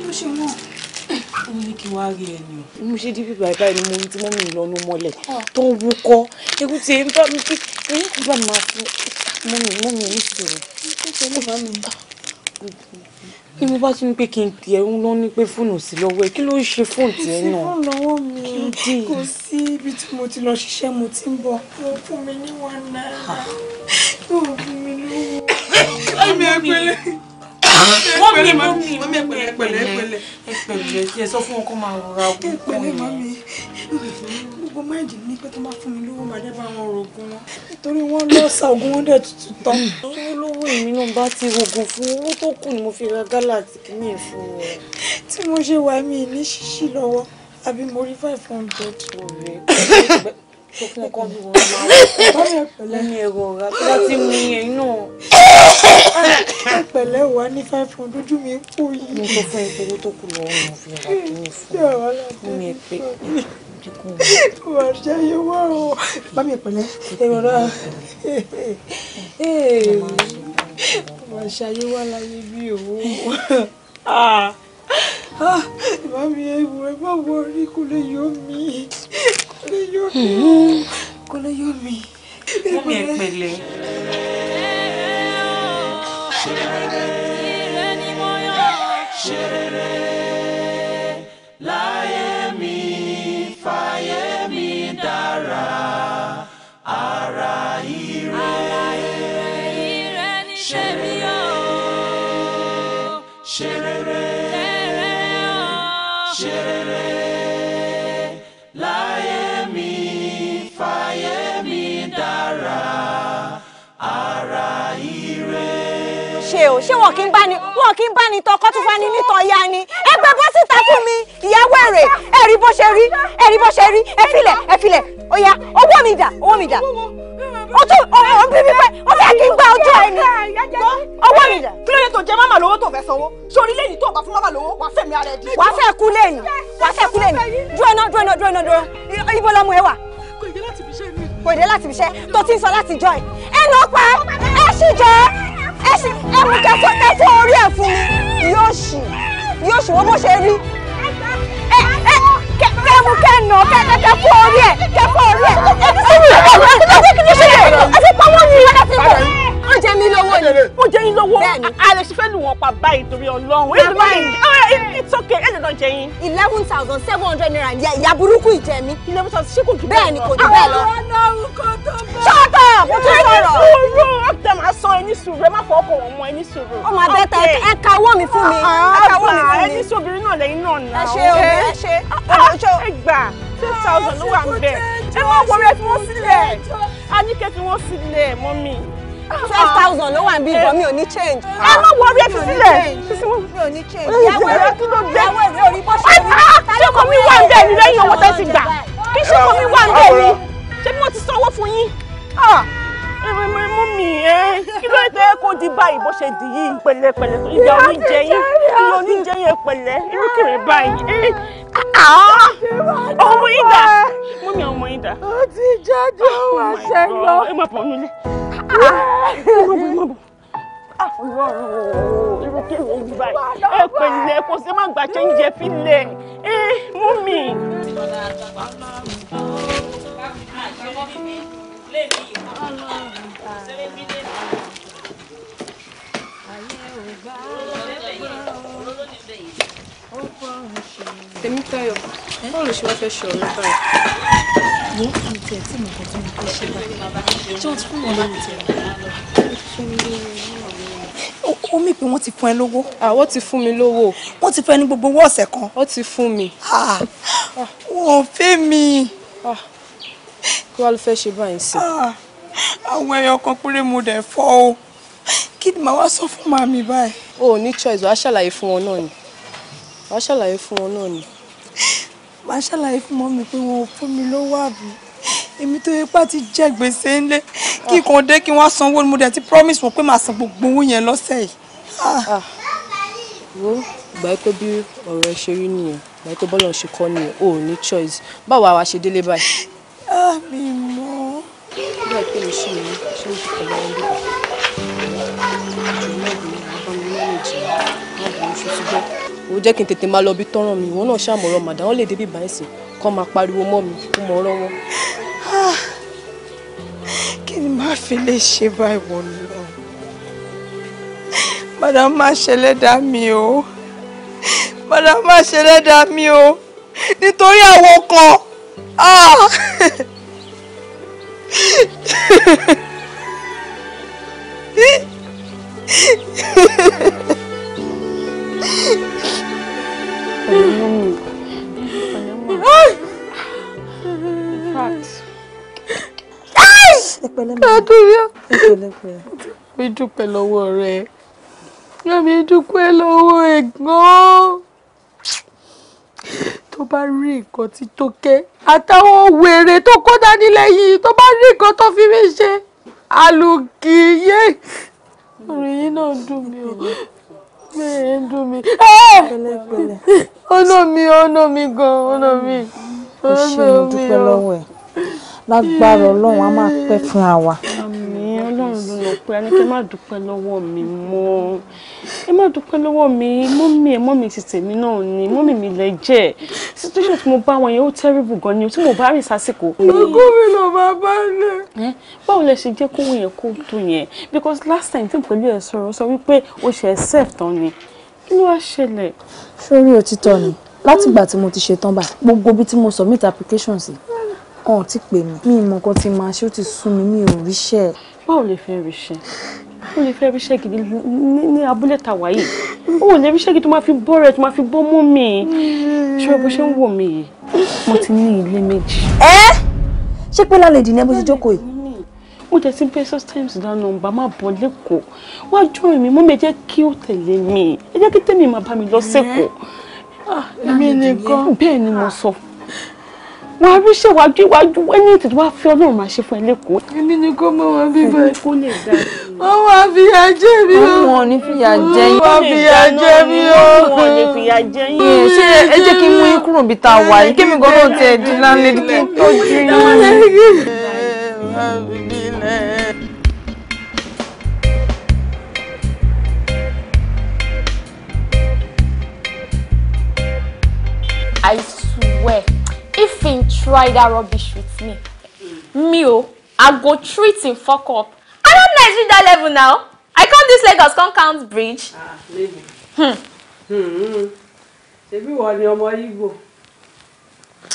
ló ṣe wọ́n ó ní kí wàá rí ẹni o. mo ṣe dípẹ́ bàbá ẹni mo rí tí mọ́mí mi lọ́nu mọ́lẹ̀ ah. tó ń wúkọ́ ewu ti ń bá mi pé ẹni kò bá mi máa mi ni ah. mo bá tún ní pé kí n tiẹ̀ ń lọ ní pé fóònù sí lọ́wọ́ ẹ kí ló ń ṣe fóònù tiẹ̀ náà. fóònù mi kò sí ibi tí mo ti lọ ṣiṣẹ́ mo ti ń bọ̀ mo fún mi ní one naira yóò ah. fún mi lówó. ẹ̀mí wọ́n mi mọ́ mi mọ́ mi ẹ̀pẹ̀lẹ̀ ẹ̀pẹ̀lẹ̀ ẹ̀pẹ̀lẹ̀ ẹ̀pẹ̀lẹ̀ kí ẹ sọ fún ọkọ máa rọra ogun kọ́ ẹ̀pẹ̀lẹ̀ mọ́ mi gbogbo máìdì ní pé tó máa fún mi lówó máa dẹ́ bá wọn rògùn wọn nítorí wọ́n lọ́sà ogun wọn dẹ̀ tutù tán. owó lówó èmi náà bá ti rògùn fún owó tó kù ni mo fi ra gálà àti kíní ìfún wọn. tí mo ṣe wà mí ní ṣíṣí lọ́wọ́ àbí mo rí five hundred fún ọkọ bí wọn máa pẹ̀lẹ́ ní ẹ̀rọ ọ̀rá tó bá ti mú yẹn náà. ẹ pẹ̀lẹ́ wà ní five hundred ojú mi kú yìí. mo sọ fún ẹ pé owó tó kù lọ́wọ́ mo fi ọ̀rá tó ní fún ẹ fún mi pé dínkù. wà á ṣe ayé wá o. bá mi pẹ̀lẹ́ ẹ̀rọ náà wà á ṣe ayé wá láyé bí òun. Mami ah, ẹ̀wù ẹ má wọrí kò lè yọ mí. Kò lè yọ mí. Mm-hmm. Kò Mami ẹ pẹ̀lẹ́. Ṣeré ni mo wọn kì í bá ní wọn kì í bá ní tọkọ tó fani nítọ ya ni ẹ gbẹ bọ síta fún mi ìyàwó èrè ẹ rí bó ṣe rí ẹ rí bó ṣe rí ẹ filẹ ẹ filẹ ó yá owó mi dà owó mi dà ojú ọ̀hún bíbí pé ó fẹ́ kí n gba ojú ẹ ni ọwọ́ mi dà. kí ló dé tó jẹ mama lówó tó fẹ́ sanwó sórí lẹ́yìn tó bá fún mama lówó wàá fẹ̀mí ara ẹ di. wàá fẹ́ kú lẹ́yìn wàá fẹ́ kú lẹ́yìn dúró náà dúró náà dúró náà dúró ibo lọmọ ẹ wà. kò dé láti fi ṣe mi. kò dé láti fi ṣe tó ti ń sọ láti jọ ẹ ẹ nà ó pa ẹ ṣì jẹ ẹ sì ẹ mú kẹfọ kẹfọ orí ẹ fún mi yóò ṣì yóò ṣì wọ́n bó ṣe rí ẹ ẹ kẹmú kẹnà kẹfọ orí ẹ kẹfọ orí ẹ ẹ ti sẹ́yìn ẹ ti kí ni ṣe é ẹ ti pamọ́ mi ẹ ti bọ̀ wọ́n jẹ́ mi lówó ni wọ́n jẹ́ yín lówó àlè ṣe fẹ́ lù wọ́n pa báyìí torí ọlọ́run ẹ báyìí it's okay ẹ dandan jẹ yín. eleven thousand seven hundred naira ìyá burúkú ìjẹ mi. eleven thousand ṣé kò jù bẹ́ẹ̀ lọ. bẹ́ẹ̀ ni kò jù bẹ́ẹ̀ lọ. àwọn ọlọ́run kò tó bẹ́ẹ̀ kó tún sọ̀rọ̀. ẹni sùúrù ọ̀tẹ̀ máa sọ ẹni sùúrù ẹ má fọ ọkọ̀ wọn mọ ẹni sùúrù. ó máa bẹ́ẹ̀ ta ẹ kawọ́ mi fún mi. Ah, ẹ kawọ́ mi ah, fún mi. ẹni sóbìrín náà lẹ́yìn náà ṣe thousand ló wà ń bẹ̀. ẹ má wọrí ẹ fi wọ́n sílẹ̀. a ní kẹ́ fi twelve thousand ló wà ń bí ìbọn mi ò ní change. ẹ má wọrí ẹ fi sílẹ̀. mi ò ní change. ìyàwó rẹ kí ló dé. ìyàwó rẹ ò ní bọ́ ṣe rí. Ah, ṣé kò mí wà ń bẹ̀ ní lẹ́yìn owó tẹ́ ti gbà? kí ṣé kò mí wà ń bẹ̀ ní? ṣé bí wọ́n ti sanwó fún yín? mú mi ẹ kí ló dé kó di báyìí bó ṣe di yìí pẹ̀lẹ́pẹ̀lẹ́ tó ìyá oníjẹ yín ìyá oníjẹ yín pẹ̀lẹ́ irúkèrè báyìí ọmọ ìdá mú mi ọmọ ìdá. ó ti jáde ohun àṣẹ lọ. ẹ má bọ̀ nílé. irúkèrè yìí báyìí ẹ pẹ̀lẹ́ kò sí má gbà chẹ́ńjẹ fílẹ̀ ẹ mú mi. Thank you tèmi táyọ̀ báwo ló ṣe wá fẹ́ ṣe ọ̀rẹ́ báyìí. mo ń fi tiẹ̀ tí mo kọ́ tí mo fẹ́ ṣe báyìí tí wọ́n ti fún mi lówó tiẹ̀ ó mì pé wọ́n ti fún ẹ lówó. àwọn ti fún mi lówó. wọ́n ti fún ẹ ní gbogbo owó ọ̀sẹ̀ kan. ó ti fún mi. Ah, wọ́n fẹ́ mi. Ah kí wàá ló fẹ́ ṣe báyìí sí. Ah, àwọn ẹyọ kan péré mo dẹ̀ fọ́ o kí ni màá wá sọ fún màmí báyìí. o ò ní choice wàá ṣàlàyé fún wọn náà ni wàá ṣàlàyé fún wọn náà ni. màá ṣàlàyé fún mọ́mí pé wọn ò fún mi lówó àbí èmi tó ipá ti jẹ gbèsè ńlẹ̀ kí ah. kan dé kí wọ́n sanwó ni mo dẹ̀ ti promise wọn pé màá san gbogbo owó yẹn lọ́sẹ̀ yìí. Ah. wo gbà pé bí ọ̀rọ̀ ẹ ṣe rí nìyẹn gbà pé bọ́lá ṣe kọ́ nìyẹn o ò ní choice báwo àwa ṣe délé báyìí. Ah, mọ́. bẹ́ẹ̀ pé mi ṣì ní ṣé mo ti pẹ̀lú ọ̀rọ̀ bíbá jùlọ ìgbìmọ̀ abọ́nilẹ́yìn ìjìnlẹ̀ wọ́n bí oṣù ti gbọ́. òun jẹ́ kí n tètè máa lọ bí tọ́ràn mi ìwọ́n náà ṣàmọ̀ràn màdá wọ́n lè débi báyìí sí kọ́ máa pariwo mọ́ mi kó mọ̀ ọ́rọ́ wọn. Ah! kí ni màá fi lè ṣe báyìí wọ̀n lọ. madam má ṣẹlẹ́dà mi o madam má ṣẹlẹ́dà mi o nítorí àwọn kan. Oh! mi dúpẹ́ lọ́wọ́ rẹ mi dúpẹ́ lọ́wọ́ ẹ̀gbọ́n tó bá rí nǹkan tí tó ké àtàwọn wèrè tó kó dání lẹ́yìn tó bá rí nǹkan tó fi mí ṣe alùkìyé orin yìí náà dùn mí o bẹ́ẹ̀ ń dùn mí. ọ̀nà mi ọ̀nà mi gan-an ọ̀nà mi ọ̀nà mi. ó ṣe ìdúpẹ́ lọ́wọ́ ẹ̀ lágbára ọlọ́run a máa pẹ́ fúnra wa. àmín ọlọ́run ló lọ pé a ní kí ẹ má dúpẹ́ lọ́wọ́ mi mọ́ ẹ má dúpẹ́ lọ́wọ́ mi mọ́mí ẹ mọ́mí ti tèmi náà ni mọ́mí mi lẹ jẹ́ situation tí mo bá wọn yẹn ó terrible gan ni tí mo bá rìn sásìkò. gómìnà bàbá lẹ. báwo lẹ ṣe jẹ́ kóhun yẹn kó tó yẹn because last time tí pẹ̀lú ẹ sọ̀rọ̀ sọ wípé o ṣe self tán ni kí ló wá ṣẹlẹ̀. sórí òtítọ́ ni látìgbà tí mo ti ṣetán bá gbogbo ibi tí mo submit application sí. Si wọn ò tí pè mí mi ìmọ̀ kan ti máa ṣe ó ti sún mi mi ò ríṣẹ́. báwo lè fẹ́ ríṣẹ́ ó lè fẹ́ ríṣẹ́ gidi ní abúlé tàwa yìí ó lè ríṣẹ́ gidi tó máa fi bọ́ rẹ̀ tó máa fi bọ́ mú mi ṣé bó ṣe ń wò mí yìí mo ti ní ilé méjì. ẹ ṣé pé lálejò ni ẹ bó ti jókòó yìí mo tẹ̀ sí pé sometimes that number máa bọ̀ lẹ́kọ̀ọ́ wá jọ mi mú mi jẹ́ kí ó tẹ̀lé mi ẹ jẹ́ kí tèmi máa bá mi lọ sẹ́kọ̀ọ́ ah, èmi nìkan bẹ́ẹ̀ ni mo sọ wọn á rí ṣèwájú iwájú ẹni ètò tó bá fi ọlọ́run máa ṣe fún ẹ lẹ́kọ̀ọ́. èmi ni kò mọ wọn bí bẹ́ẹ̀ kó lè dá wọn jẹ mí o wọn ní fìyà jẹ yín wọn fìyà jẹ mí o wọn ní fìyà jẹ yín. Hmm, ṣé ẹ jẹ́ kí n mú yín kúrò bí tá wà yìí kémi gan-an tiẹ̀ di lálẹ́ kí n tọ́jú yín. I swear if he try that rubbish with me me o oh, i go treat him fuck up i don nice reach that level now i come this Lagos come count bridge. ah maybe. Hmm. Hmm. hmm. ṣebí wọ́n ni ọmọ Igbo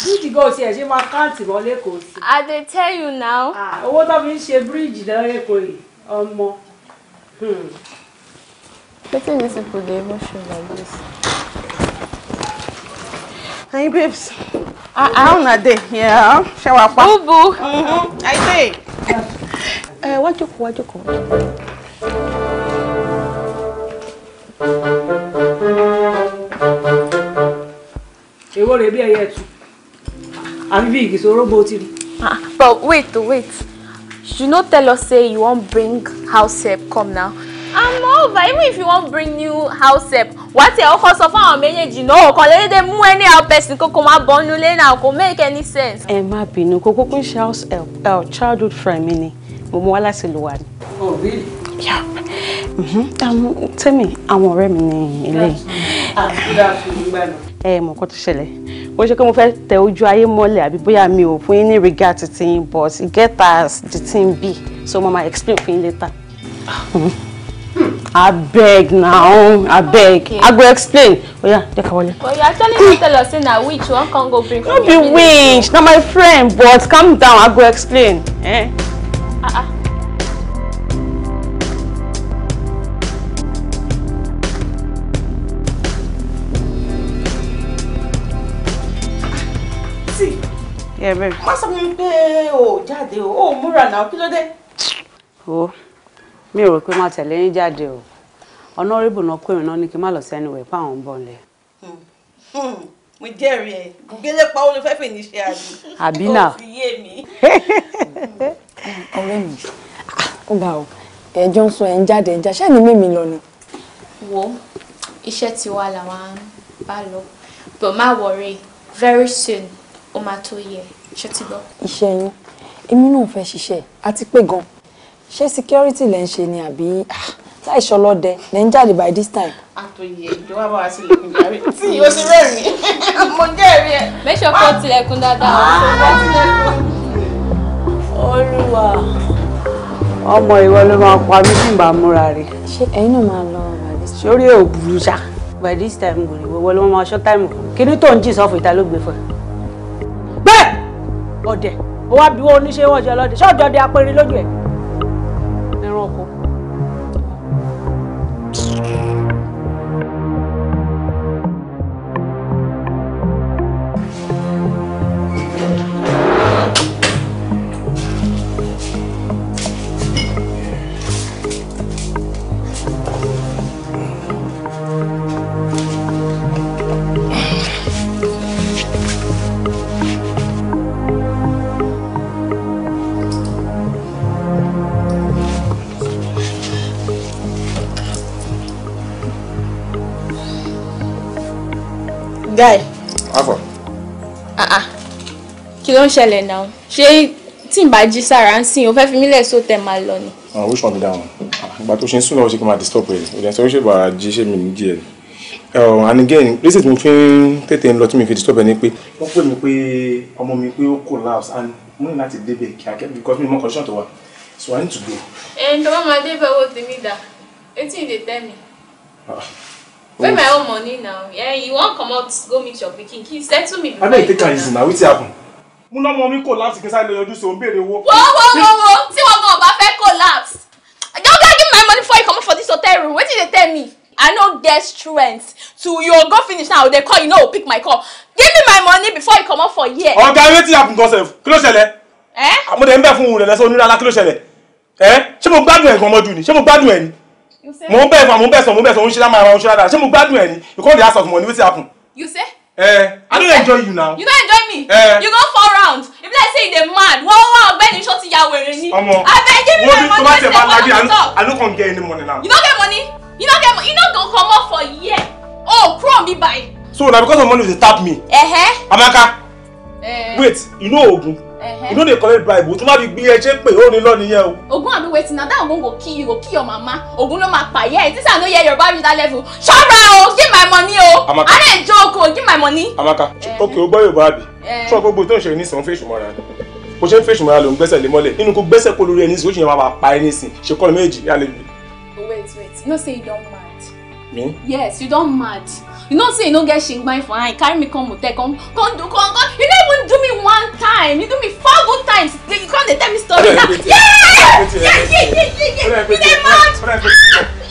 bíríìjì gan ọtí ẹ ṣe máa káàntì mọ lẹkọọ sí. i dey tell you now. Ah, owó tó fi ń ṣe bíríìjì náà lẹkọọ yìí ọmọ. wetin dis pipo dey even show like this. Hi, babes. Ah, How ah, oh, na dey? Yeah. Ṣé wàá pa? Búbu. Mm-hmm. I dey. What you jókòó wá jókòó. Èwo rèé bí ẹyẹ ẹ̀tù? Àbí bí ìgìsò orógbó ti Ah, But wait, wait. You not tell us say you won't bring house help come now. I'm over even if you wan bring new house help wà á tiẹ̀ ọkọ sọ fáwọn méjèèjì náà ọkọ lédè mú ẹni àwọn person kókó máa bọ́ nínú ilé náà kò make any sense. ẹ eh, má bínú kókó pín ṣe house help uh, childhood friend mi ni mo mú wá láti lò wá ni. oh really. yeah. Mm-hmm. Um, tẹ́mi àwọn ọ̀rẹ́ mi ní ilé yìí. ẹ mọ̀ kó tó ṣẹlẹ̀ bó ṣe pé mo fẹ́ tẹ ojú ayé mọ́lẹ̀ àbí bóyá mi ò fún yín ní regard ti ti yín but get as the thing be so mama explain fún yín later. Ah. Mm-hmm. I abeg na own abeg i go explain Oh yeah, take awole but oh, you actually no tell us that witch one come go bring for no be witch Not my friend but calm down i go explain eh ah ah Yeah, baby. Má sọ fún mi pé o jáde o, o múra náà, Oh mi ò rò pé má tẹ̀lé yín jáde o honorable náà kó ìrìnà ní kí n má lọ sẹ́nu ẹ̀ páwọn ń bọ̀ lẹ̀. Hmm. Hmm. mo jẹ́rìí ẹ̀ gbélé pa ó ló fẹ́ fè ní ṣe àbí. àbí náà fi yé mi. ọ̀rẹ́ mi ó bá o ẹ̀jọ́ ń sọ ẹ̀ ń jáde ẹ̀ ń já mímí lọ ni. wo iṣẹ́ tiwa làwọn bá lọ but má worry very soon ó máa tó yẹ ṣé ti gbọ́. iṣẹ́ yín èmi náà fẹ́ ṣiṣẹ́ àti pé gan-an ṣé security lẹ ń ṣe ni àbí ah, láì ṣọlọ́dẹ lẹ ń jáde by this time. àtòyè ìjọba bá wa sí lẹkùn jàre tí yóò ṣe bẹ́ẹ̀ mi mo jẹ́rìí ẹ̀. mẹ́sàn-án kọ́ tilẹ̀kùn dáadáa ah! olúwa ọmọ ìwọ ló máa pa mí tí n bá múra rè. ṣé ẹ̀yin náà máa lọ bàbí. sórí ò burú ṣá by this time gòrè ìwọ ló máa ṣọ́ táìmù kíní tó ń jì sọ́ọ̀fù ìta ló gbé fún ẹ. bẹ́ẹ̀ ọ̀dẹ̀ ó wá bí wọ́n oníṣẹ́ wọ́n jẹ́ ọlọ́dẹ ṣọ́ọ̀dẹ̀ ọdẹ apẹ̀rẹ̀ lójú ẹ̀. 模糊。guy. afọ. Ah, ah. kí ló ń ṣẹlẹ̀ náà ṣé tí n bá jí sára ń sìn o fẹ́ fi mílẹ̀ só tẹ̀ máa lọ ni. àwọn ah, which one be that one ìgbà tó ṣe ń sùn náà ó ṣe kí n máa disturb ẹ ò dẹ̀ sọ wíṣẹ́ jí ṣé mi ní díẹ̀ eh, and again reason tí mo fi ń tètè ń lọ tí mi fi disturb ẹ ni pé. wọ́n pè mí pé ọmọ mi pé ó collapse and mo ní láti débẹ̀ kíákẹ́ because mi mọ condition tó wà so I need to go. Eh, ẹ̀ ń tọ́wọ́ máa débẹ̀ owó tèmi dà wetin you dey where oh. my own money now yeah you won't wan comot go meet your pikin kin settle me know you take am easy na wetin happen. mo ná ọmọ mi collapse kí n sáré lọ yọjú sí òun béèrè owó. wo wo wo wo tí wọn gan ọba fẹ́ collapse don gats give my money before you comot for dis hotel room wetin you dey tell me i no get strength to you go finish now dey call you no go pick my call give me my money before you comot for here. ọ̀gá wetin happen gan sef kí ló ṣẹlẹ̀. Eh? àmọ́ dẹ̀ ń bẹ̀ fún òun rẹ̀ lẹ́sọ̀ onírànlá kí ló ṣẹlẹ̀ eh? ṣé mo gbádùn ẹ̀ gan ọmọdún ni ṣé mo gbádùn ẹ̀ ni mo ń bẹ̀ mo ń bẹ̀ mo ń bẹ̀ sọ ń ṣe lámàrà mo ń ṣe lára ṣé mo gbádùn ẹ̀ ni you come dey ask us money wetin happen. you say. Eh, I don't enjoy you now. You don't enjoy me. Eh. You go four rounds. If let's say you're mad, wọ́n wọ́n ọ̀gbẹ́ni iṣọ́ ti ya wèrè ni. Ọmọ I give me my money say follow me I no come get any money now. You no get money? You no get You no go comot for year. Oh, crow me by. So na because of money you dey tap me. Uh Amaka, Eh. wait you know ogun you no dey collect bribe o tún má fi gbin ẹjẹ pé ó ní lọ nìyẹn o. ogun abi wetin na that ogun go kill you go kill your mama ogun no máa pa yẹ this i no hear your body that level ṣọ́ra o give my money o amaka i dey joke o give my money. amaka eh. ok o gbọ́ yorùbá àbí eh. ṣọ́ gbogbo tó ń ṣe ní sàn fèsì mọ́ra bó ṣe ń fèsì mọ́ra ló ń gbẹ́sẹ̀ lé mọ́lẹ̀ nínú kó gbẹ́sẹ̀ kó lórí ẹni sí ó sì yẹn máa pa ẹni sí ṣe kọ́ méjì yálẹ̀ yìí. Oh, wait wait no say you don mad. me. yes you don mad you know say you no get shingbai for eye carry me come hotel come come do come come you do me one time you do me four good times you come dey tell me story now yeah yeah yeah yeah yeah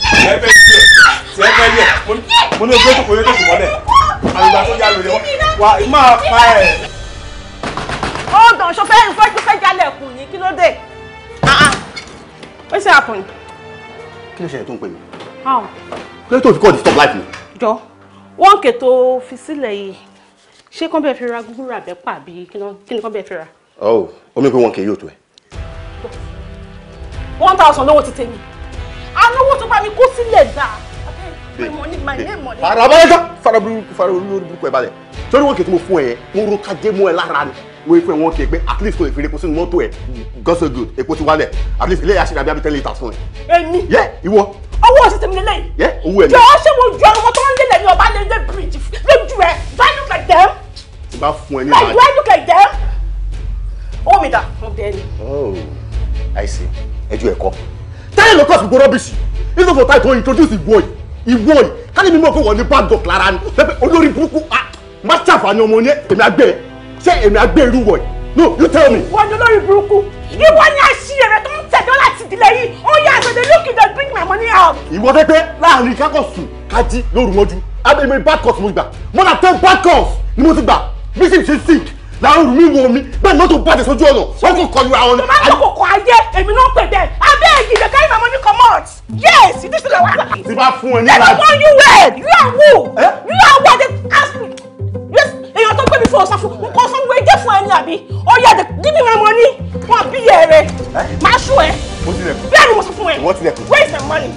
Yeah! Yeah! Yeah! mo ní ojú kò yẹ kó sùmọ́lẹ̀ àyùbá tó yà lórí wa máa pa ẹ̀. ó dàn ṣọfẹ́ ìfẹ́ tó fẹ́ jalè kù ní kí ló dé ó ṣe àpọ̀n. kí ló ṣe tó ń pè mí. kí ló tó fi kọ́ di stop life mi. jọ wọn kètò fi sílẹ̀ yìí ṣé kán bẹ́ẹ̀ fi ra gúgúrú àbẹ́pà bí kí ni kán bẹ́ẹ̀ fi ra. ọ oh, omi pé wọn kì í yóò tó ẹ. one thousand lówó ti tẹ̀yìn alówó tó bá mi kó sílẹ̀ dà farabalẹ̀ farabalẹ̀ farabalẹ̀ ẹ balẹ̀ torí wọn kì í tí mo fún ẹ yẹn mo ro kájé mọ́ ẹ lára ni wo ife wọn kì í pé at least kò lè fi epo sínú mọ́tò ẹ gọ́sọ̀ good epo ti wálẹ̀ at least ilé yà ṣe dàbí abitẹ́lẹ̀ ìtàsùn ẹ. èmi. yẹ ìwọ owó òsì tèmi lélẹ̀ yìí. owó ẹ̀ lọ. jọ ṣé mo ju àwọn tó ń lélẹ̀ ní ọba lẹ́lẹ́ bíríjì lójú ẹ̀ do I look like them. n bá fún ẹ ní ìlànà. do I look like them. owó mi dà mo bẹ ẹ ní. oh I see ẹjọ ẹkọ tẹ́lẹ̀ ló kọ́sùn gbọ́dọ̀ bìsì inú fọ̀tà ìtọ́ introduce ìwọ yìí ìwọ yìí káni mi mọ̀ pé wọ́n ní bad dog lára ni olórí burúkú ah master ṣàfàní ọmọ ní èmi àgbẹ̀ ṣé èmi àgbẹ̀ irú wọ̀ yìí no you tell me. wọ́n ní olórí burúkú ìwọ ni àṣìyẹ rẹ tó ń tẹ̀dọ́ láti ìdílé yìí ó yà àgbẹ̀dẹ look you dey bring my money out. ìwọ pẹpẹ láàrin kákọ sùn ká jí lóru mọ́jú abẹ́mi bad calls mo gbà more than ten bad calls ni mo ti gbà bí sì ṣe sick làwọn mi wọ mi bẹ́ẹ̀ ni wọ́n tó bàjẹ́ sójú ọ̀nà wọ́n kò kọlu àwọn. tó máa ń kókò ayé èmi náà pè bẹ́ẹ̀ abẹ́ èyí dey carry my money comot. yes it is the way. ti bá fún ẹ ní ìlàjì. let me warn you well you are who eh? you are èèyàn tó gbé mi fún ọ̀sán fún nǹkan fún wẹ́ẹ́ jẹ́ fún ẹni àbí ọ̀yà give me my money wọn àbí yẹ rẹ máa ṣú ẹ bẹ́ẹ̀ ni mo sọ fún ẹ where is my money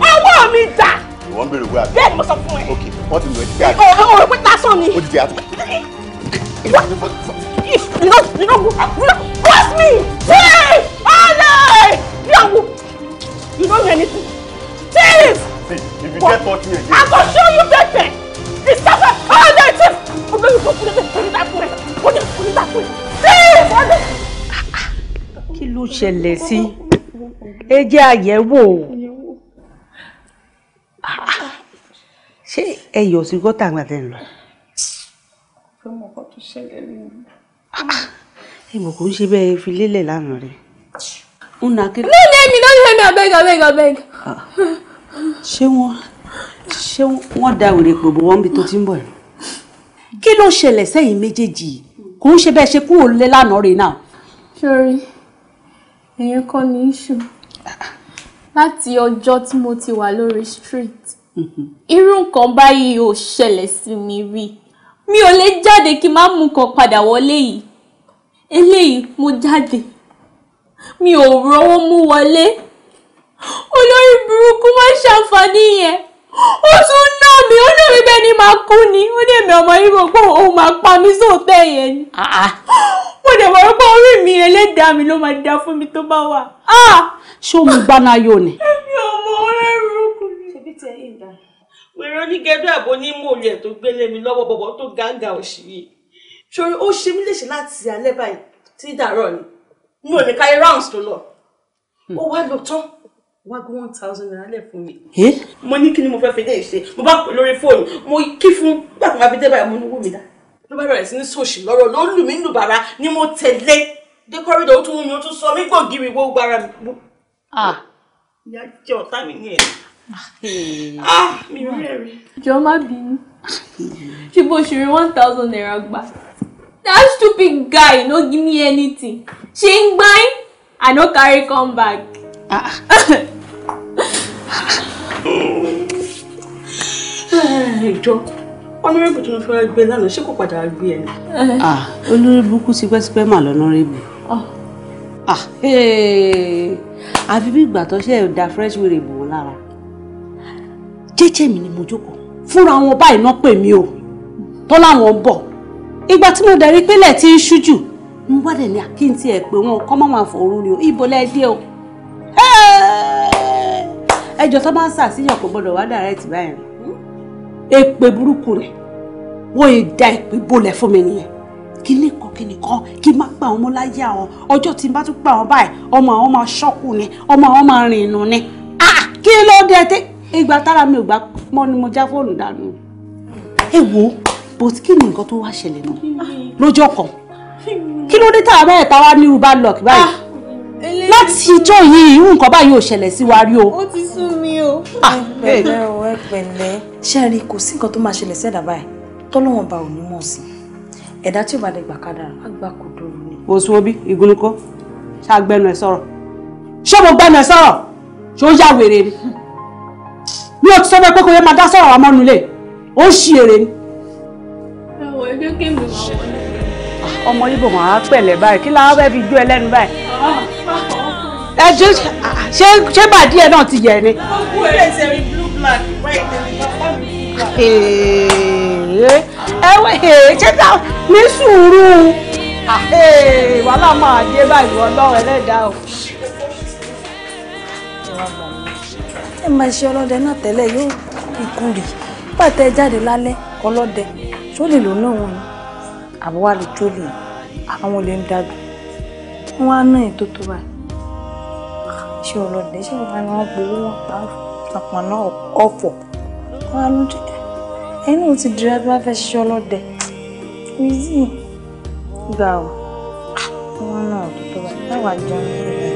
ọwọ́ mi dà ìwọ ń bèrè wẹ́ àbí bẹ́ẹ̀ ni mo sọ fún ẹ ok wọ́n ti lọ ẹ̀ díẹ̀ àbí ọ̀rọ̀ pé lásán ni ó ti di àtúntò. you know you know you know trust me please ọ̀lẹ́ yàwó you know anything please. see if you get touch me again. i go show you pepper ti sáfẹ́ ọ̀dẹ ti olóyún tó kúrẹ́ onígbà kúrẹ́ onígbà onígbà kúrẹ́ please ọ̀dẹ. kí ló ṣẹlẹ̀ sí ẹ jẹ́ àyẹ̀wò ṣé ẹ yọ̀ sí gọ́tà àgbà tẹ̀ ń lọ. fẹ́ mọ̀ kó tó ṣẹlẹ̀ nínú. ẹ mọ̀ kó ń ṣe bẹ́ẹ̀ fi lélẹ̀ lánàá rẹ̀. una kí. no name me no name me abeg abeg abeg. Ah. ṣé wọn ṣé wọ́n da òrè pò bọ́ wọ́n bí tó ti ń bọ̀ rẹ̀ kí ló ṣẹlẹ̀ sẹ́yìn méjèèjì yìí kò ń ṣe bẹ́ẹ̀ ṣe kúrò lé lánàá rè náà. sori èèyàn kọ́ ni iṣu láti ọjọ́ tí mo ti wà lórí street irú nǹkan báyìí ò ṣẹlẹ̀ sí mi rí mi ò lè jáde kí n má mú nǹkan padà wọlé yìí eléyìí mo jáde mi ò rówó mú wọlé olórí burúkú má ṣàǹfààní yẹn ó tún ná mi ó ná mi bẹ́ẹ̀ ni máa kú ni ó ní èmi ọmọ yìí mọ̀ pé òun máa pa mí sóòtẹ́ yẹn ni ah, ah. mo dẹ̀ mọ̀ pé orí mi ẹlẹ́dàá mi ló máa dá fún mi tó bá wà. Ah! ṣé o mú gbaná ayò ni. èmi ọmọ ọ̀rẹ́ rúkùn ni. ṣebí tẹ ẹ ìgbà. wẹ̀rẹ̀ onígẹ̀dọ̀ àbò ní mòlẹ̀ tó gbélé mi lọ́wọ́ bọ̀bọ̀ tó gángà òṣì yìí ṣorí ó ṣe mí léṣe láti alẹ́ báyìí tí dàrọ̀ ni mi ní káyé rounds tó lọ ó wá lọ tán wá gbé one thousand naira lẹ̀ fún mi. mo ní kí ni mo fẹ́ fi dé ìṣe e mo bá pè lórí fóònù mo kí fún gbàgbọ́n abidé báyìí mo ní wù mí dá. ló bá bẹ̀rẹ̀ sí ní sòṣì lọ́rọ̀ ló lù mí lù bàrà ni mo tẹ̀lé dé kọ́rídọ̀ ó tún mú mi ó tún sọ mí gbòǹgìrì wo gbára mi. ìyá jẹ́ ọ̀tá mi ní ẹ̀. Ah. Ah, mi ò rẹ́rìn. jọ má bínú ṣé bó ṣe rí one thousand naira gbà that stupid guy no give me anything ṣe ń gbáyìn i no carry come back. Ah. ìjọ ọ̀nàrẹ́bù tó ń fẹ́ gbé lánàá ṣé kò padà gbé ẹ̀ ni. Ah, olórí burúkú tipẹ́tipẹ́ mà lọ́nàrẹ́bù. Ah. Ah, àfi bí ìgbà tó ṣe da fresh wèrè bò wọ́n lára jẹ́jẹ́ mi ni mo jókòó fúnra wọn báyìí náà pè mí o tó láwọn ń bọ̀ ìgbà tí mo darí pélé tí ń ṣú jù ń wádẹ̀ ní àkíntì ẹ̀ pé wọn kọ́ máa wà fòrú ni o ìbò lẹ́ẹ̀dẹ́ o ẹjọ́ tó bá ń ṣàṣìyàn kò gbọ́dọ̀ wá direct báyìí èpè burúkú rẹ̀ wọ́n yìí da èpè bolẹ̀ fún mi nìyẹn kí ní kan kí nìkan kí má pa àwọn ọmọ láyé àwọn ọjọ́ tí n bá tún pa àwọn báyìí ọmọ àwọn máa ṣọ́kù ni ọmọ àwọn máa rìn inú ni ah, kí ló dé tẹ ìgbà tára mi ò gbà mọ́ ni mo já fóònù dànù ẹ wo but kí ni nǹkan tó wá ṣẹlẹ̀ náà lọ́jọ́ kan kí ló dé tàbá ẹ̀ tá wá ní irú lọ́ọ̀kì báyìí. Ah, láti ìjọ yìí irú nǹkan báyìí ò ṣẹlẹ̀ sí wa rí o. ó ti sú mi o. Ah, ẹ̀pẹ̀lẹ́ o ẹ̀pẹ̀lẹ́. ṣé ẹ rí kò sí nǹkan tó máa ṣẹlẹ̀ sẹ́dá báyìí tọ́lọ́wọ́n ba ò ní mọ̀ sí ẹ̀dá tí ò bá dẹ̀ gbà kádàrá á gbà kó dòrò ni. oṣù obi ìgúnnukó ṣàgbẹnu ẹ sọ̀rọ̀ ṣé mo gbẹnu ẹ sọ̀rọ̀ ṣé ó yá wèrè ni mi ò ti sọ fẹ́ pé kò yẹ máa dá sọ̀rọ̀ àwọn ọmọnulẹ̀ ó ń ṣí èrè ni. ẹ̀wọ̀ ẹgbẹ́ kémi máa wọlé. ọmọ báyìí kí láwọn fẹ́ fi jó ẹ báyìí. Ah ẹ ṣe ṣe ṣe bàdí ẹ náà ti yẹ ni. ẹ wẹ́ẹ̀ ṣé ká ní sùúrù ah, wàhálà máa dé báyìí ọlọ́run ẹlẹ́dàá o. ẹ máa ṣe ọlọ́dẹ náà tẹ́lẹ̀ yóò ikú rè pàtẹ jáde lálẹ́ ọlọ́dẹ tó lè lò náà wọn àbúwá lè tó lè àwọn olè ń dàgbà wọn á ná ètò tó báyìí ṣé ọlọ́dẹ ṣé wọn máa ń gbowó wọn pa àpàná ọ̀pọ̀ wọn á lóde ẹni ò ti dira bí wọn fẹ́ ṣiṣẹ́ ọlọ́dẹ wíìzì gbà ó wọn náà tó tó bá táwa jọ ní ilẹ̀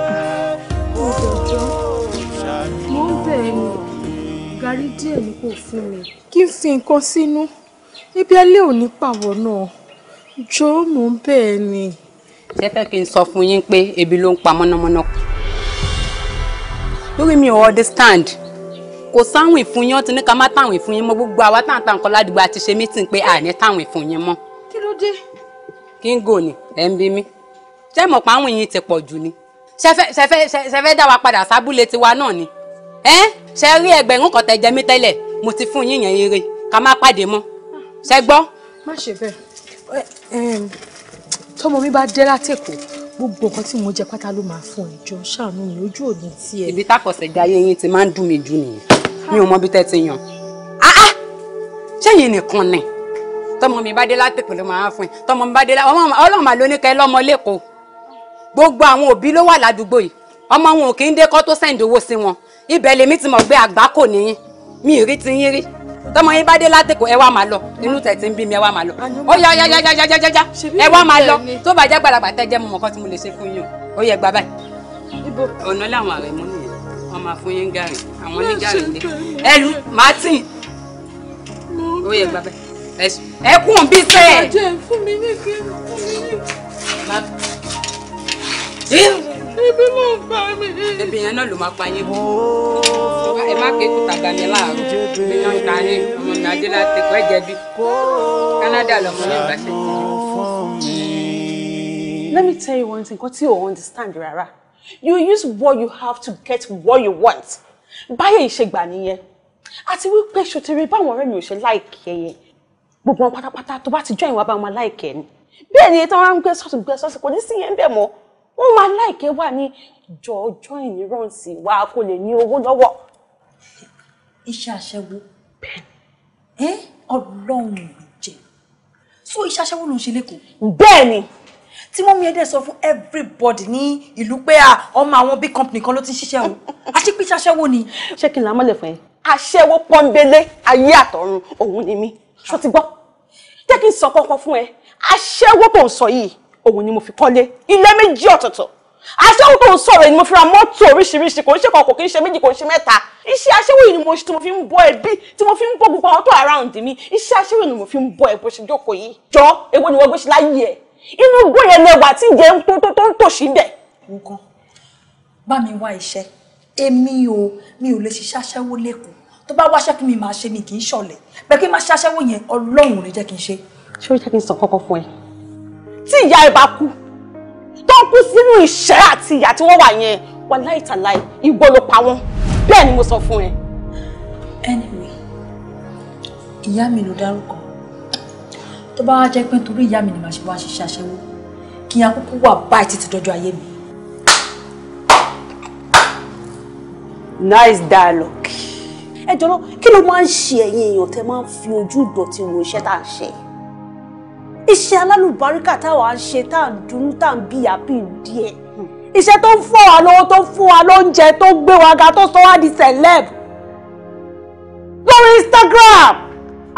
ah, ọjọ́ mo ń bẹ̀ ẹ́ nù gàrí díẹ̀ ni kò fún mi kí n fi nǹkan sínú ibi alẹ́ òní pàwọ̀ náà jọ́ mò ń bẹ̀ ẹ́ nì. ṣé fẹ́ kí n sọ fún yín pé ebi ló ń pa mọ̀nàmọ́ná kù lórí mi ò understand kò sáwìn fún yín ó ti ní ká má táwìn fún yín mọ́ gbogbo àwa tá à ń ta nǹkan ládùúgbò àti ṣe mítìn pé àní táwìn fún yín mọ́. kí ló dé. kí n gò ní ẹ̀ ń bí mi ṣé mọ̀ pa àwọn yìí ti pọ̀ jù ni ṣe fẹ́ dá wa padà sábúlé tiwa náà ni ṣe rí ẹgbẹ̀rún kan tẹ jẹ mí tẹ́lẹ̀ mo ti fún yín yẹn eré ká má pàdé mọ́ ṣe gbọ́. má ṣe bẹ́ẹ̀ tọmọ mi bá dé látẹ̀kọ̀ọ́ gbogbo nǹkan tí mo jẹ pátá ló máa fún ẹ jọ ṣàánú mi ojú òní tí ẹ. ibi tákọ̀sẹ̀ gba ayé yín ti máa ń dùn mí jù nìyẹn mi ò mọ bí tẹ́ ti yàn ah, ah! ṣẹ́yìn nìkan ni tọmọ mi bá dé látẹ̀kọ̀ ló máa fún ẹ tọmọ mi bá dé látẹ̀kọ̀ ọlọ́run máa lóníkà ẹ lọ́mọ lẹ́kọ̀ọ́ gbogbo àwọn òbí ló wà ládùúgbò yìí ọmọ wọn ò kì í dé kọ́ tó sẹ́ǹdì owó sí wọn ibẹ̀ lèmi ti mọ̀ gbé àgbákò nìyí mi ì rí ti yín rí tọmọ yín bá dé látẹkọ ẹ wá máa lọ inú tẹ ti ń bí mi ẹ wá máa lọ ó yá yá yá yá yá yá yá ẹ wá máa lọ tó bá jẹ́ gbàlagbà tẹ́ jẹ́ mọ̀mọ́ kan tí mo lè ṣe fún yín o ó yẹ gbà báyìí. ọ̀nà làwọn àrẹ mú nìyẹn wọ́n máa fún yín gàrí àwọn ní gàrí lé ẹlú martin ó yẹ gbà báyìí ẹ kún un bí ẹ fún mi ní kí ẹ fún mi ní ebi ló ń pa ebi yẹn náà ló máa pa yín. ẹ má ké kúta gba mi láàárọ̀ ta yín ọmọ mi adé láti kọ́ ẹ̀jẹ̀ bí Canada lọmọ ní ìgbà ṣe. Let me tell you one thing, nǹkan tí o understand Rara? You use what you have to get what you want. Báyọ̀ ìṣègbà nìyẹn. Àti wípé ṣòtẹ́rẹ́ báwọn ọ̀rẹ́ mi ò ṣe láìkẹ́ yẹn gbogbo wọn pátápátá tó bá ti jọ ìwà bá wọn láìkẹ́ ni bẹ́ẹ̀ ni ètò wọn á ń gbé sọ́ọ̀tù gbé sọ́ọ̀tù kò ní sí yẹn bẹ́ẹ̀ mọ́ wọ́n máa láìké wà ní ìjọ ọjọ́ ìníránsì wa kò lè ní owó lọ́wọ́. iṣẹ́ aṣẹ́wó bẹ́ẹ̀ ni ọlọ́run ló jẹ́ so iṣẹ́ aṣẹ́wó ló ń ṣe lẹ́kọ̀ọ́. bẹ́ẹ̀ ni tí wọ́n mú ẹdẹ sọ fún everybody ní ìlú pé ọmọ àwọn big company kan ló ti ń ṣiṣẹ́ o àṣepẹ́ iṣẹ́ aṣẹ́wó ni. ṣé kí n là mọ́lẹ̀ fún ẹ aṣẹ́wó pọ́nbélé ayé àtọ̀run òun ni mí ṣó ti gbọ́ jẹ́ kí n sọ kọ́kọ́ fún ẹ aṣẹ́wó tó ń sọ yìí òun ni mo fi kọ́lé ilé méjì ọ̀tọ̀ọ̀tọ̀ aṣẹ́wó tó ń sọ̀rọ̀ ni mo fi ra mọ́tò oríṣiríṣi kò ń ṣe kọ̀ọ̀kọ̀ kì í ṣe méjì kò ń ṣe mẹ́ta iṣẹ́ aṣẹ́wó yìí ni mo ṣe tí mo fi ń bọ́ ẹbí tí mo fi ń bọ́ gbogbo àwọn tó around mi iṣẹ́ aṣẹ́wó ni mo fi ń bọ́ ẹ bó ṣe jókòó yìí jọ ewo ni wọ́n gbé ṣe láyé ẹ̀ inú igbó yẹn ni ẹwà tí ìjẹun tó tó tó ń tòṣì bẹ̀. nǹkan bá mi wá iṣẹ́ èmi ò mi ò lè ṣiṣẹ́ aṣẹ́wó lẹ́kọ̀ọ́ tó bá wáṣẹ́ fún mi máa ṣe mi kì í ṣọ̀lẹ̀ bẹ́ẹ̀ kí n má ṣaṣẹ́wó yẹn ọlọ́run ò ní jẹ́ kí n ṣe. ṣé ó jẹ́ kí n sọ kọ́kọ́ fún ẹ tí ìyá ẹ bá kú tó kú sínú ìṣẹ́ àti ìyà tí wọ́n wà yẹn wà láìtàláì ìwọ ló pa wọ́n bẹ́ẹ̀ ni mo sọ fún ẹ. anyway ìyá mi ló dárúkọ tó bá wá jẹ́ pé nítorí ìyá mi ni màá ṣe wá ṣiṣẹ́ aṣẹ́wó kí n akókó wà báyìí títí dọ́jọ́ ayé mi. nice dialogue. ẹ jọ̀rọ̀ kí ló máa ń ṣe ẹ̀yin èèyàn tẹ́ máa ń fi ojú ìdọ̀tí wo iṣẹ́ tá à ṣe iṣẹ́ alálùbáríkà táwa ń ṣe tá à ń dùn tá à ń bí àbí díẹ̀ iṣẹ́ tó ń fọ́ wa lọ́wọ́ tó ń fún wa lóúnjẹ tó ń gbé wa ga tó sọ wá di celeb lórí Instagram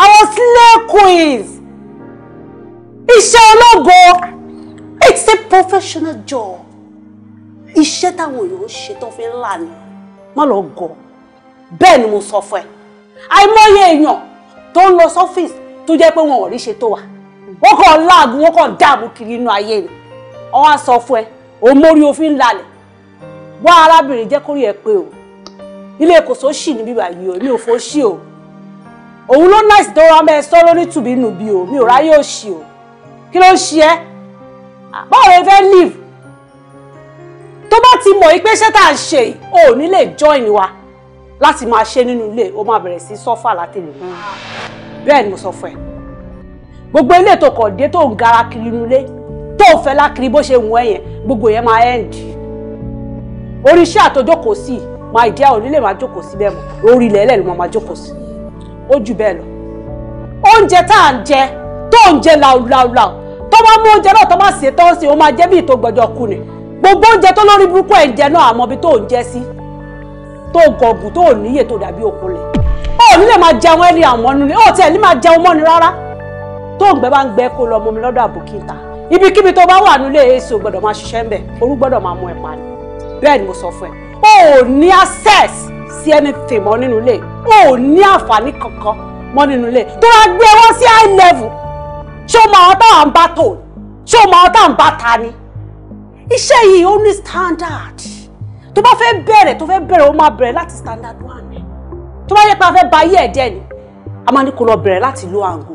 àwọn slay queens iṣẹ́ ológo it's a professional job iṣẹ́ táwọn èèyàn ṣe tó fi ń là ní má lọ gọ̀ bẹ́ẹ̀ ni mo sọ fún ẹ àìmọye èèyàn tó ń lọ sọ́fíìsì tó jẹ́ pé wọn ò rí ṣe tó wà ó kàn láàgùn ó kàn dààmú kiri inú ayé ni wọn á sọ fún ẹ òun mórí òfin lálẹ́ wá arábìnrin jẹ́ kórìí ẹ pé o ilé kòsó ṣì níbí báyìí o mi ò fọ́ ṣí o òun ló náà ìsìtò ọmọ ẹ sọ̀rọ̀ nítùbí inú bí o mi ò ráyè òṣì o kí ló ń ṣe ẹ́ báwo lè fẹ́ leave tó bá ti mọ̀ pé iṣẹ́ tá à ṣe o ò ní lè join wa láti máa ṣe nínú ilé o máa bẹ̀rẹ̀ sí sọ́fà látẹ̀lé bẹ́ẹ̀ ni mo sọ fún ẹ gbogbo ilé tó kọ̀ dé tó ń gara kiri nulẹ̀ tó ń fẹ́ lákiri bó ṣe wù ẹ́ yẹn gbogbo yẹn máa end oríṣi àtòjókòó sí máa jẹ́ orílẹ̀ máa jókòó sí bẹ́ẹ̀ mọ́ orí ilẹ̀ ẹlẹ́nu máa jókòó sí ó jù bẹ́ẹ̀ lọ oúnjẹ tá à ń jẹ tó ń jẹ làwùlàwùlàwù tó bá mú oúnjẹ náà tó bá ṣe tán sí i ó máa jẹ́ bí ìtò gbọ́jọ kù ni gbogbo oúnjẹ tó lórí burúkú ẹ̀ ń jẹ náà àmọ́ bí tó ń jẹ sí tó gọ̀gùn tó níyè tó dàbí òkú lẹ̀ ó nílẹ̀ máa jẹun ẹni àwọn ọ̀nù ni ó tiẹ̀ ní máa jẹun mọ́ni rárá tó ń gbẹ bá ń gbẹ kó lọ mọmi lọ́dọ̀ àbòkíta ibikíbi tó bá wà nílé èso gbọ́dọ̀ máa ṣiṣẹ́ ń bẹ̀ orú gbọ́dọ̀ máa mú ẹ pa ni bẹ́ẹ̀ ni mo sọ fún ẹ o ò ní access sí anything mọ́ nínú ilé o ní àǹfààní kankan mọ́ nínú ilé tó bá gbé wọn sí high level ṣé o máa táwọn bá tò ṣé o máa táwọn bá ta ni iṣẹ́ yìí ó ní standard tó bá fẹ́ bẹ̀rẹ̀ tó fẹ́ bẹ̀rẹ̀ ó máa bẹ̀rẹ̀ láti standard one tó bá yẹ pé a fẹ́ ba ayé ẹ̀ dẹ́ ni a máa ní kó lọ bẹ̀rẹ̀ láti lo àǹgó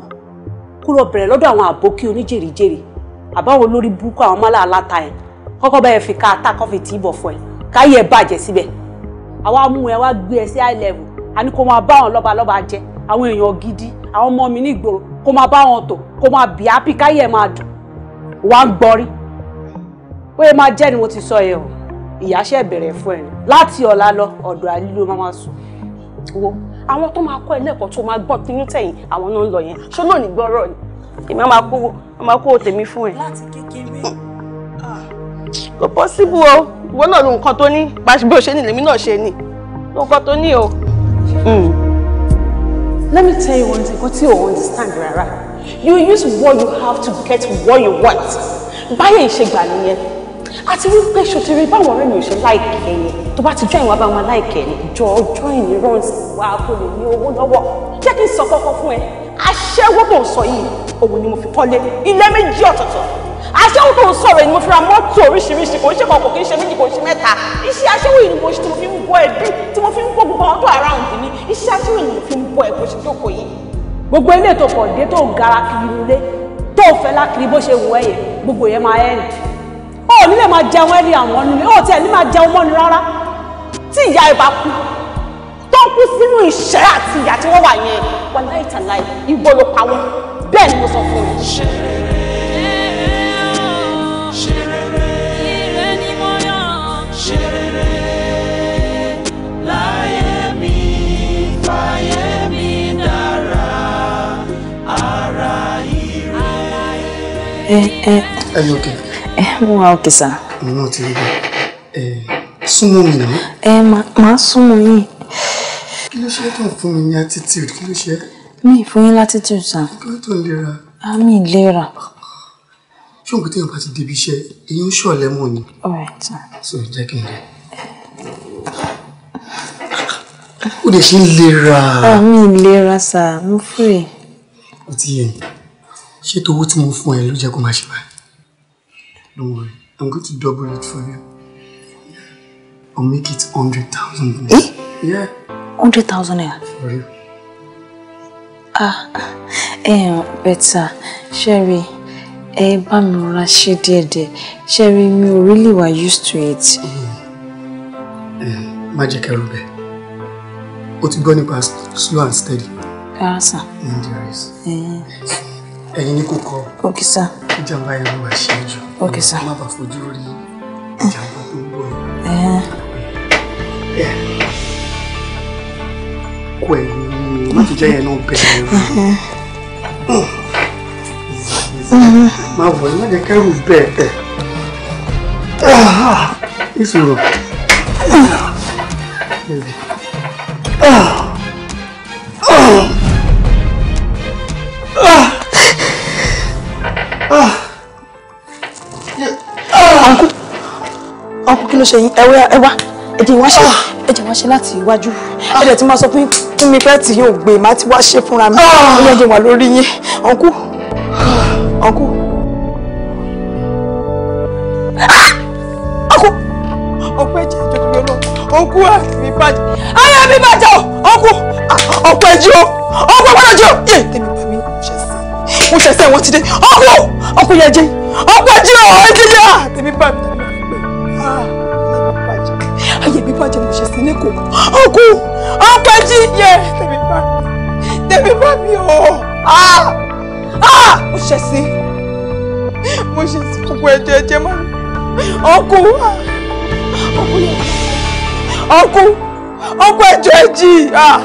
kó lọ bẹ̀rẹ̀ lọ́dọ̀ àwọn àbókí oníjèrèjèrè àbáwọn olórí burúkú àwọn mọ́lá aláta ẹ̀ kọ́kọ́ bẹ́ẹ̀ fi ká ata kọ́fì tí ì bọ̀ fún ẹ káyé ẹ bàjẹ́ síbẹ̀ àwa mú ẹ wá gbé ẹ sí high level a ní kó máa bá àwọn lọ́balọ́ba jẹ àwọn èèyàn gidi àwọn ọmọ mi ní ìgboro kó máa bá wọn tò kó máa bì ápì káyé ẹ máa dùn wà á gbọ́rí ó yẹ máa jẹ́ ni mo ti sọ yẹ o ìyáṣẹ́ bẹ̀rẹ̀ fún ẹ láti ọ̀la lọ ọ̀dọ̀ àlílò máa máa sùn wo àwọn tó máa kọ́ ẹlẹ́kọ̀ọ́ tó máa gbọ́n tinú tẹ̀yìn àwọn náà ń lọ yẹn ṣó lónìí gbọ́rọ̀ ni èmi máa kó máa kó tèmi fún ẹ. láti kékeré. kò pọ́síbù o ìwọ náà lu nǹkan tó ní bó ṣe ní lèmi náà ṣe ní lu nǹkan tó ní o. Hmm. let me tell you one thing kò tí o understand rárá you use what you have to get what you want báyẹn ìṣègbà nìyẹn àti wípé ṣòtẹ̀rẹ̀ báwọn ọ̀rẹ́ mi ò ṣe láìkẹ́ ẹ̀yẹ tó bá ti jọ ìwà bá wọn láìkẹ́ ẹ̀yẹ jọ ọjọ́ ìnírànsì wà á kò lè ní owó lọ́wọ́ jẹ́ kí n sọ kọ́kọ́ fún ẹ aṣẹ́wó tó ń sọ yìí òun ni mo fi kọ́lé ilé méjì ọ̀tọ̀ọ̀tọ̀ aṣẹ́wó tó ń sọ̀rọ̀ ni mo fi ra mọ́tò oríṣiríṣi kò ń ṣe kọ̀ọ̀kọ̀ kì í ṣe méjì kò ń ṣe mẹ́ta iṣẹ́ aṣẹ́wó yìí ni mo ṣe tí mo fi ń bọ́ ẹbí tí mo fi ń bọ́ gbogbo àwọn tó around mi iṣẹ́ aṣẹ́wó yìí ni mo fi ń bọ́ ẹ̀ kò ṣe ò ní lè máa jẹun ẹni àwọn nílé ó tiẹ̀ ní máa jẹun mọ́ni rárá tí ìyá ẹ bá kú tó kú sínú ìṣẹ́ àti ìyà tí wọ́n wà yẹn wà láì tàn láì ìwọ ló pa wọ́n bẹ́ẹ̀ ni mo sọ fún yín. Eh, eh. Are you okay? Eh, mo wà òkè sà. mo náà ti rí bẹ́ẹ̀ ẹ súnmọ́ mi náà. ẹ eh, máa súnmọ́ yín. kí ló ṣe tó ń fún mi ní attitude kí ló ṣe. mi ì fún yín latitude sà. kí ló tó ń lera. a mi ì lera. ṣé òun kò téèyàn bá ti débi iṣẹ́ èyí ń ṣọ̀lẹ́ mọ̀ ni. ọ̀rẹ́ sà. so jẹ́ kí n lè. ó lè ṣe ń lera. a ah, mi ì lera sà mo fúre. o ti yẹ ṣé towó tí mo fún ẹ ló jẹ́ kó máa ṣe báyìí. Don't worry. I'm going to double it for you. I'll make it 100,000 naira. Eh? Yeah. 100,000 naira? For you. Ah, eh, better. Sherry, ẹ bá mi rọra ṣe díẹ̀díẹ̀. Sherry, mi really were used to it. Mm. Eh, má jẹ́ kẹ́rù bẹ́ẹ̀. O ti gbọ́ nípa slow and steady. Rárá sà. Ẹyin ni kò call. Okay sir ìjàmbá yẹn ló máa ṣe é jù. ok sir. má bàa fojú rí ìjàmbá tó ń bọ̀. kò ẹ̀yìn má ti jẹ́ yẹn náà bẹ̀rẹ̀ rú. má wọ̀ ẹ́ má jẹ́ kẹ́rù bẹ́ẹ̀ ah, ìṣòro. Oh! ọkùn kí ló ṣe yín ẹwẹ́ ẹwà ẹ̀jẹ̀ wá ṣe ah. ẹ̀jẹ̀ wá ṣe láti iwájú ẹ̀jẹ̀ tí máa sọ fún fún mi pé tí yóò gbé má ti wá ṣe fúnra mi ẹ̀jẹ̀ ah. wà lórí yín ọ̀nkú ọ̀nkú. ọ̀pọ̀ ẹ̀jẹ̀ ìjọba ìgbẹ́ lọ ọ̀nkú ẹ̀ mi bàjẹ́ ayé mi bàjẹ́ ọ̀nkú ọ̀pọ̀ ẹ̀jẹ̀ ọ̀nkú ọ̀pọ̀ ẹ̀jẹ̀ yé tèmi mo ṣẹ̀ṣẹ̀ wọ́n ti dé ọkọ ọkọ yẹn jẹ ọkọ jẹ ọ ẹdílé à tèmi bá mi ah, ayé mi bàjẹ́ mo ṣe sí ní kò ọkọ ọkọ jí yẹ tèmi bá mi tèmi bá mi ah! Ah! mo ṣẹ̀ mo ṣẹ̀ sí gbogbo ẹ̀jẹ̀ ẹ̀jẹ̀ mi ọkọ ọkọ yẹn ọkọ ọkọ ẹ̀jẹ̀ ẹ̀jì ah.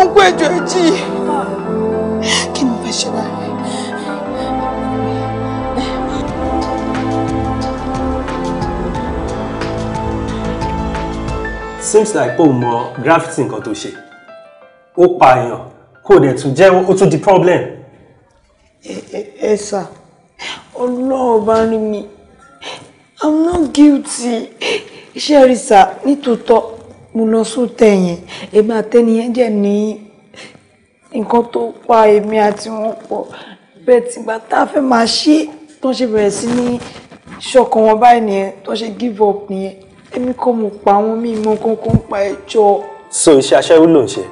ọ̀nkú ẹjọ́ ẹjì kí ni mo fẹ́ ṣe báyìí. seems like o mọ graffiti nǹkan tó ṣe ó pààyàn kò di problem. ẹ ẹ sà ọlọ́ọ̀bá rí mi i'm not guilty iṣẹ́ rí sá nítòótọ́ mo lọ sóòtẹ́ yẹn èmi àtẹ́ni yẹn jẹ́ ní nǹkan tó pa èmi àti wọn pọ̀ bẹ́ẹ̀ tìgbà tá a fẹ́ máa ṣe tó ń ṣe bẹ̀rẹ̀ sí ní ṣọkàn wọn báyìí nìyẹn tó ṣe give up nìyẹn èmi kọ́ mo pa àwọn míì mọ kankan pa ẹjọ́. so iṣẹ́ aṣẹ́wó ló ń ṣe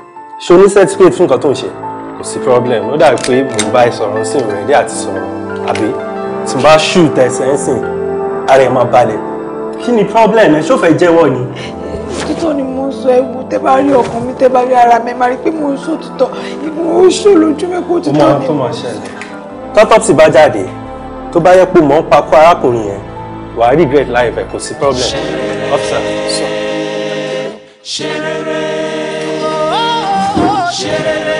ṣe o ní certificate fún nǹkan tó ń ṣe kò sí problem ó dàbí pé mo bá ẹ sọ̀rọ̀ sí ìrìn àti sọ̀rọ̀ àbí tí n bá ṣù tẹ̀sẹ̀ ń sìn ara ẹ̀ máa balẹ̀ kí ni problem ẹ ṣó fẹ́ jẹ́wọ́ ni. títọ́ ni mo ń sọ ewu tẹ́ bá rí ọkàn mi tẹ́ bá rí ara mi máa rí pé mo ń sọ òtítọ́ ìmọ̀ oṣù lójú mi kó títọ́ ni. ó máa tó máa ṣẹlẹ̀. tọ́tọ́ ti bá jáde tó bá yẹ pé mò ń pakọ́ arákùnrin yẹn wàá regret life ẹ̀ kò sí problem. officer sọ. ṣerere ṣerere.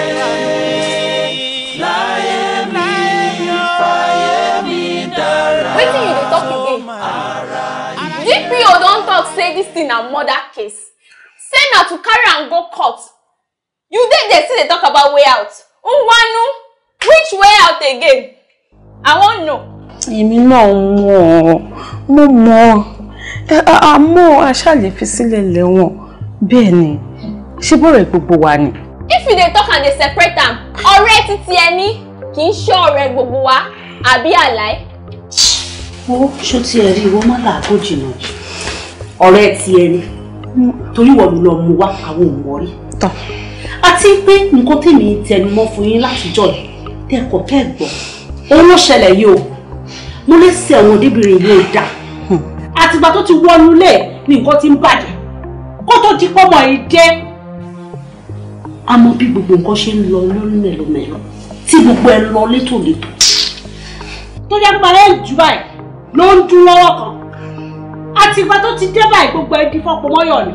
say this thing na murder case say na to carry am go court you dey there still dey talk about way out nwanu which way out again i wan know. èmi náà mọ̀ mo mọ̀ àmọ́ aṣáàlì fi sílẹ̀ lẹ́wọ̀n bẹ́ẹ̀ ni ṣé bọ́ọ̀rọ̀ gbogbo wa ni. if you dey talk and dey separate am ọ̀rẹ́ títí ẹni kì í ṣe ọ̀rẹ́ gbogbo wa àbí àlàyé. ó ṣó tiẹ̀ rí ìwọ má làágùn jìnnà jù ọ̀rẹ́ tiẹ̀ ni torí wọ́n lọ mú wá àwọn òmùwọ́ rí. àti pé nǹkan tèmi tẹnumọ́ fún yín látijọ́ yìí tẹ́kọ̀ọ́ tẹ́ gbọ́ òun ló ṣẹlẹ̀ yìí o mo lè ṣe ẹ̀wọ̀n débìrin yìí dà hmm. àtìgbà tó ti wọnú lẹ̀ ni nǹkan ti ń bàjẹ́ kó tó di pọ́mọ yìí dé. àmọ́ bí gbogbo nǹkan ṣe ń lọ lọ́nà ẹlòmẹ̀lọ tí gbogbo ẹ lọ létòlétò tó jẹ́ pé ẹ jù báyìí ló ń dún lọ́wọ́ kan àti ìgbà tó ti dé báyìí gbogbo ẹbí fọpọ mọyọ ni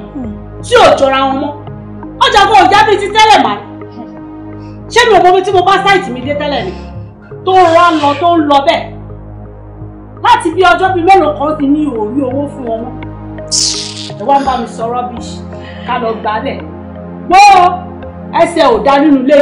tí ò jọra wọn mọ́ ọjà kan ò já bíi ti tẹ́lẹ̀ mà ṣé mi ò mọbi tí mo bá sáìtì mi dé tẹ́lẹ̀ ni tó rà ń lọ tó ń lọ bẹ́ẹ̀ láti bí ọjọ́ bíi mélòó kan ti ní òórí owó fún wọn mọ́ ẹ wá ń bá mi sọ rọ́bìṣì ká lọ gbálẹ̀ gbọ́ ẹsẹ̀ ò dá nínú ilé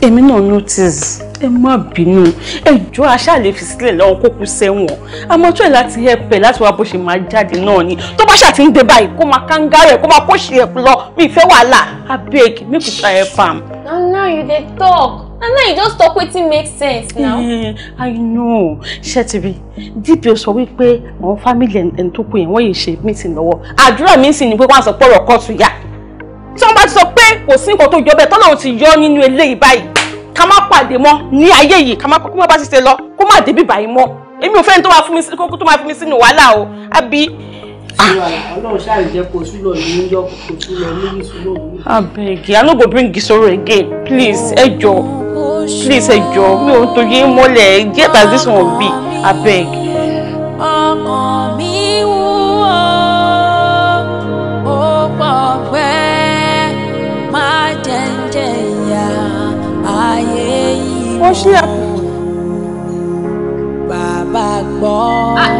èmi náà notice ẹ má bínú ẹjọ́ aṣáàlè fi sílẹ̀ lọ́wọ́ kókó sẹ́wọ̀n àmọ́ tó ẹ̀ láti ẹ̀pẹ̀ láti wá bó ṣe máa jáde náà ni tó bá ṣàti ń dé báyìí kó máa kánga rẹ̀ kó máa kóṣì ẹ̀ lọ mi ìfẹ́ wàhálà abeg make we try help am. nana you dey talk nana you just talk wetin make sense now. Eh, i know ṣètìrì dpo sọ wípé àwọn fámìlì ẹni tó kù yẹn wọ́n yìí ṣe meeting lọ́wọ́ àdúrà mi sì ni pé wọ́n á sọ pọ̀rọ̀ kóòtù yá tí wọ́n bá ti sọ pé kò sí nǹkan tó jọ bẹ́ẹ̀ tọ́lọ́run ti yọ nínú eléyìí báyìí ká má pàdé mọ́ ní ayé yìí ká má kó má bá ti ṣe lọ kó má débi báyìí mọ́ èmi ò fẹ́ni tó máa fún mi kókó tó máa fún mi sínú wàhálà o àbí. Ah. Ọlọ́run I no go bring Gisoro again, please, ẹ jọ, please, ẹ jọ, mi ò torí mọ́lẹ̀, get as this one be, abeg. Ọkàn mi wò. mo ṣílẹ̀kùn. bàbá gbọ́. Ah,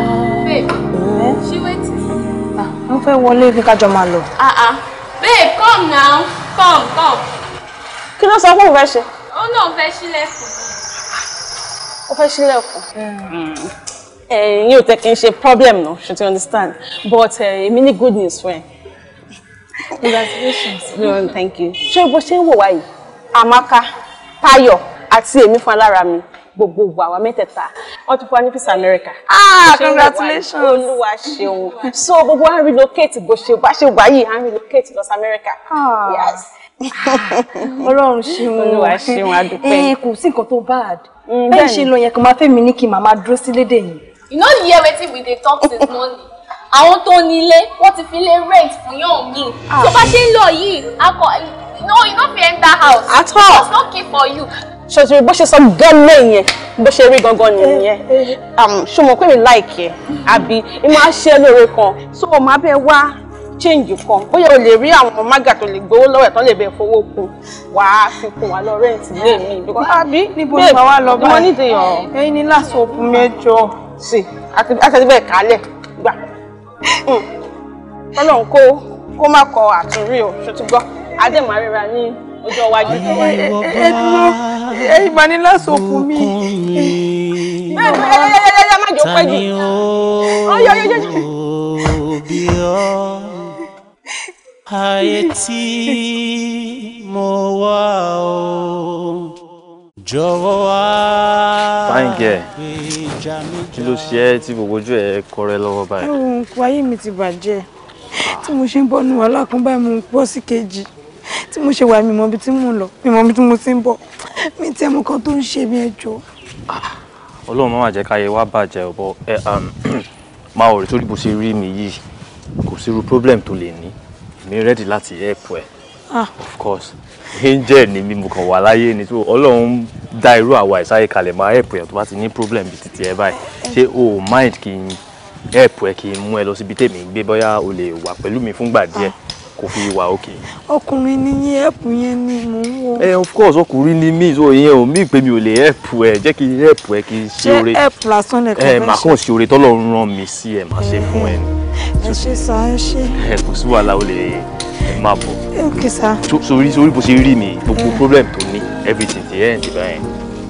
ṣé wẹ́tì. Ah, mo fẹ́ wọlé ní kájọ máa lọ. Ah, babe come now come come. kí ló sọ pé òun fẹ́ ṣe. ó náà fẹ́ ṣílẹ̀kùn. ó fẹ́ ṣílẹ̀kùn ẹ̀yin hmm. eh, ò tẹ́ kí n ṣe problem no ṣe to understand but eh, èmi ní good news fún ẹ. congratulations. no thank you. ṣé bó ṣe ń wò wá amaka tayo àti èmi fún alára mi gbogbo wa wa mẹ́tẹ̀ẹ̀ta wọ́n ti fún wa America. ah congratulations olúwa ṣeun so gbogbo wa ń relocate bó ṣe bá ṣe wà yìí à ń relocate lọ sí America. Ah. yes. ọlọ́run ṣeun olúwa ṣeun adúpẹ́. Eh, kò sí nǹkan tó bad mm, bẹ́ẹ̀ ṣe lọ yẹn kò máa fẹ́ mi ní kí màmá dúró sí lédè yìí. you know the year wetin we dey talk since morning àwọn tó nílé wọ́n ti fi lé rent fún yàn mí tó ah, bá ṣe ń lọ yìí akọ no you no fit enter house at all it's not okay for you ṣòtìrì bó ṣe sọ gẹ́lẹ́ yẹn bó ṣe rí gangan eh, nìyẹn eh. um, ṣó mọ̀ pé mi láìkẹ́ àbí ìmọ̀ àṣẹ lóore kan so màá bẹ wá change kan bóyá o lè rí àwọn mága tó lè gbowó lọ́wọ́ ẹ̀ tán lè bẹ fowó kun wà á fi kun wà lọ rẹ́ǹtì lé mi. àbí níbo ni màá wá lọ báyìí wọ́n nídìí yàn. ẹyin ní láti òkun mẹ́jọ. sí àti bẹ́ẹ̀ kálẹ̀ gbà. Hmm. ọlọ́run kó kó má kọ àtúnrí o ṣùtúgbọ́ adé màá ríra ní ọjọ́ iwájú. ẹ dúró ẹ ìmọ̀nilásọ̀ fún mi. ẹ ẹ ẹ ẹ má jọ pẹ́ jù. ọyọ ọyọ ọyọ. Ayé tí mo wá o, jọ̀wọ́ wá. Fáyìnkẹ́, kí ló ṣe ẹ́ tí gbogbo ojú ẹ̀ kọrẹ lọ́wọ́ báyìí? Ẹ̀wọ̀n kú ayé mi ti bàjẹ́, tí mo ṣe ń bọ́nu wàhálà kan báyìí mo ń pọ̀ sí kejì tí mo ṣe wà mi mọ ibi tí mo ń lọ mi mọ ibi tí mo ti ń bọ̀ mi tí ẹmu kan tó ń ṣe mí ẹjọ́. Ah, ọlọ́run máa jẹ́ káyé wá bàjẹ́ ọ̀bọ ẹ eh, um, máa ò rí torí bó ṣe rí mi yìí kò sí irú problem tó lè ní mi ready láti help ẹ ah. of course angel ni mi mo kàn wà láyé ni tó ọlọ́run dá irú àwa ìsáyé kalẹ̀ máa help ẹ tó bá ti ní problem bíi títí ẹ báyìí ṣé o mind kì í help ẹ kì í mú ẹ lọ síbi tèmi gbé bóyá o lè wà pẹ̀lú mi fúngbà díẹ̀. Ah kò fi wà òkè. ọkùnrin ni yín ẹ̀pù yẹn ni mò ń wò. ẹ eh, of course ọkùnrin ni mí so ìyẹn ò mí pé mi ò lè ẹ̀pù ẹ jẹ́ kí ẹ̀pù ẹ kí n ṣe oore. ṣé ẹ̀pù lásán lẹ kọ́ eh, fẹ́ ṣe. ẹ màá kàn ṣe oore tọ́lọ́run rán mi sí ẹ màá ṣe fún ẹ. Eh, ẹ ṣe sá ẹ ṣe. ẹ kò sí wàhálà o lè ẹ máa bọ̀. ok sá. sori sori bó ṣe rí mi gbogbo problem tó ní everything ti ẹ̀ ń ti báyẹn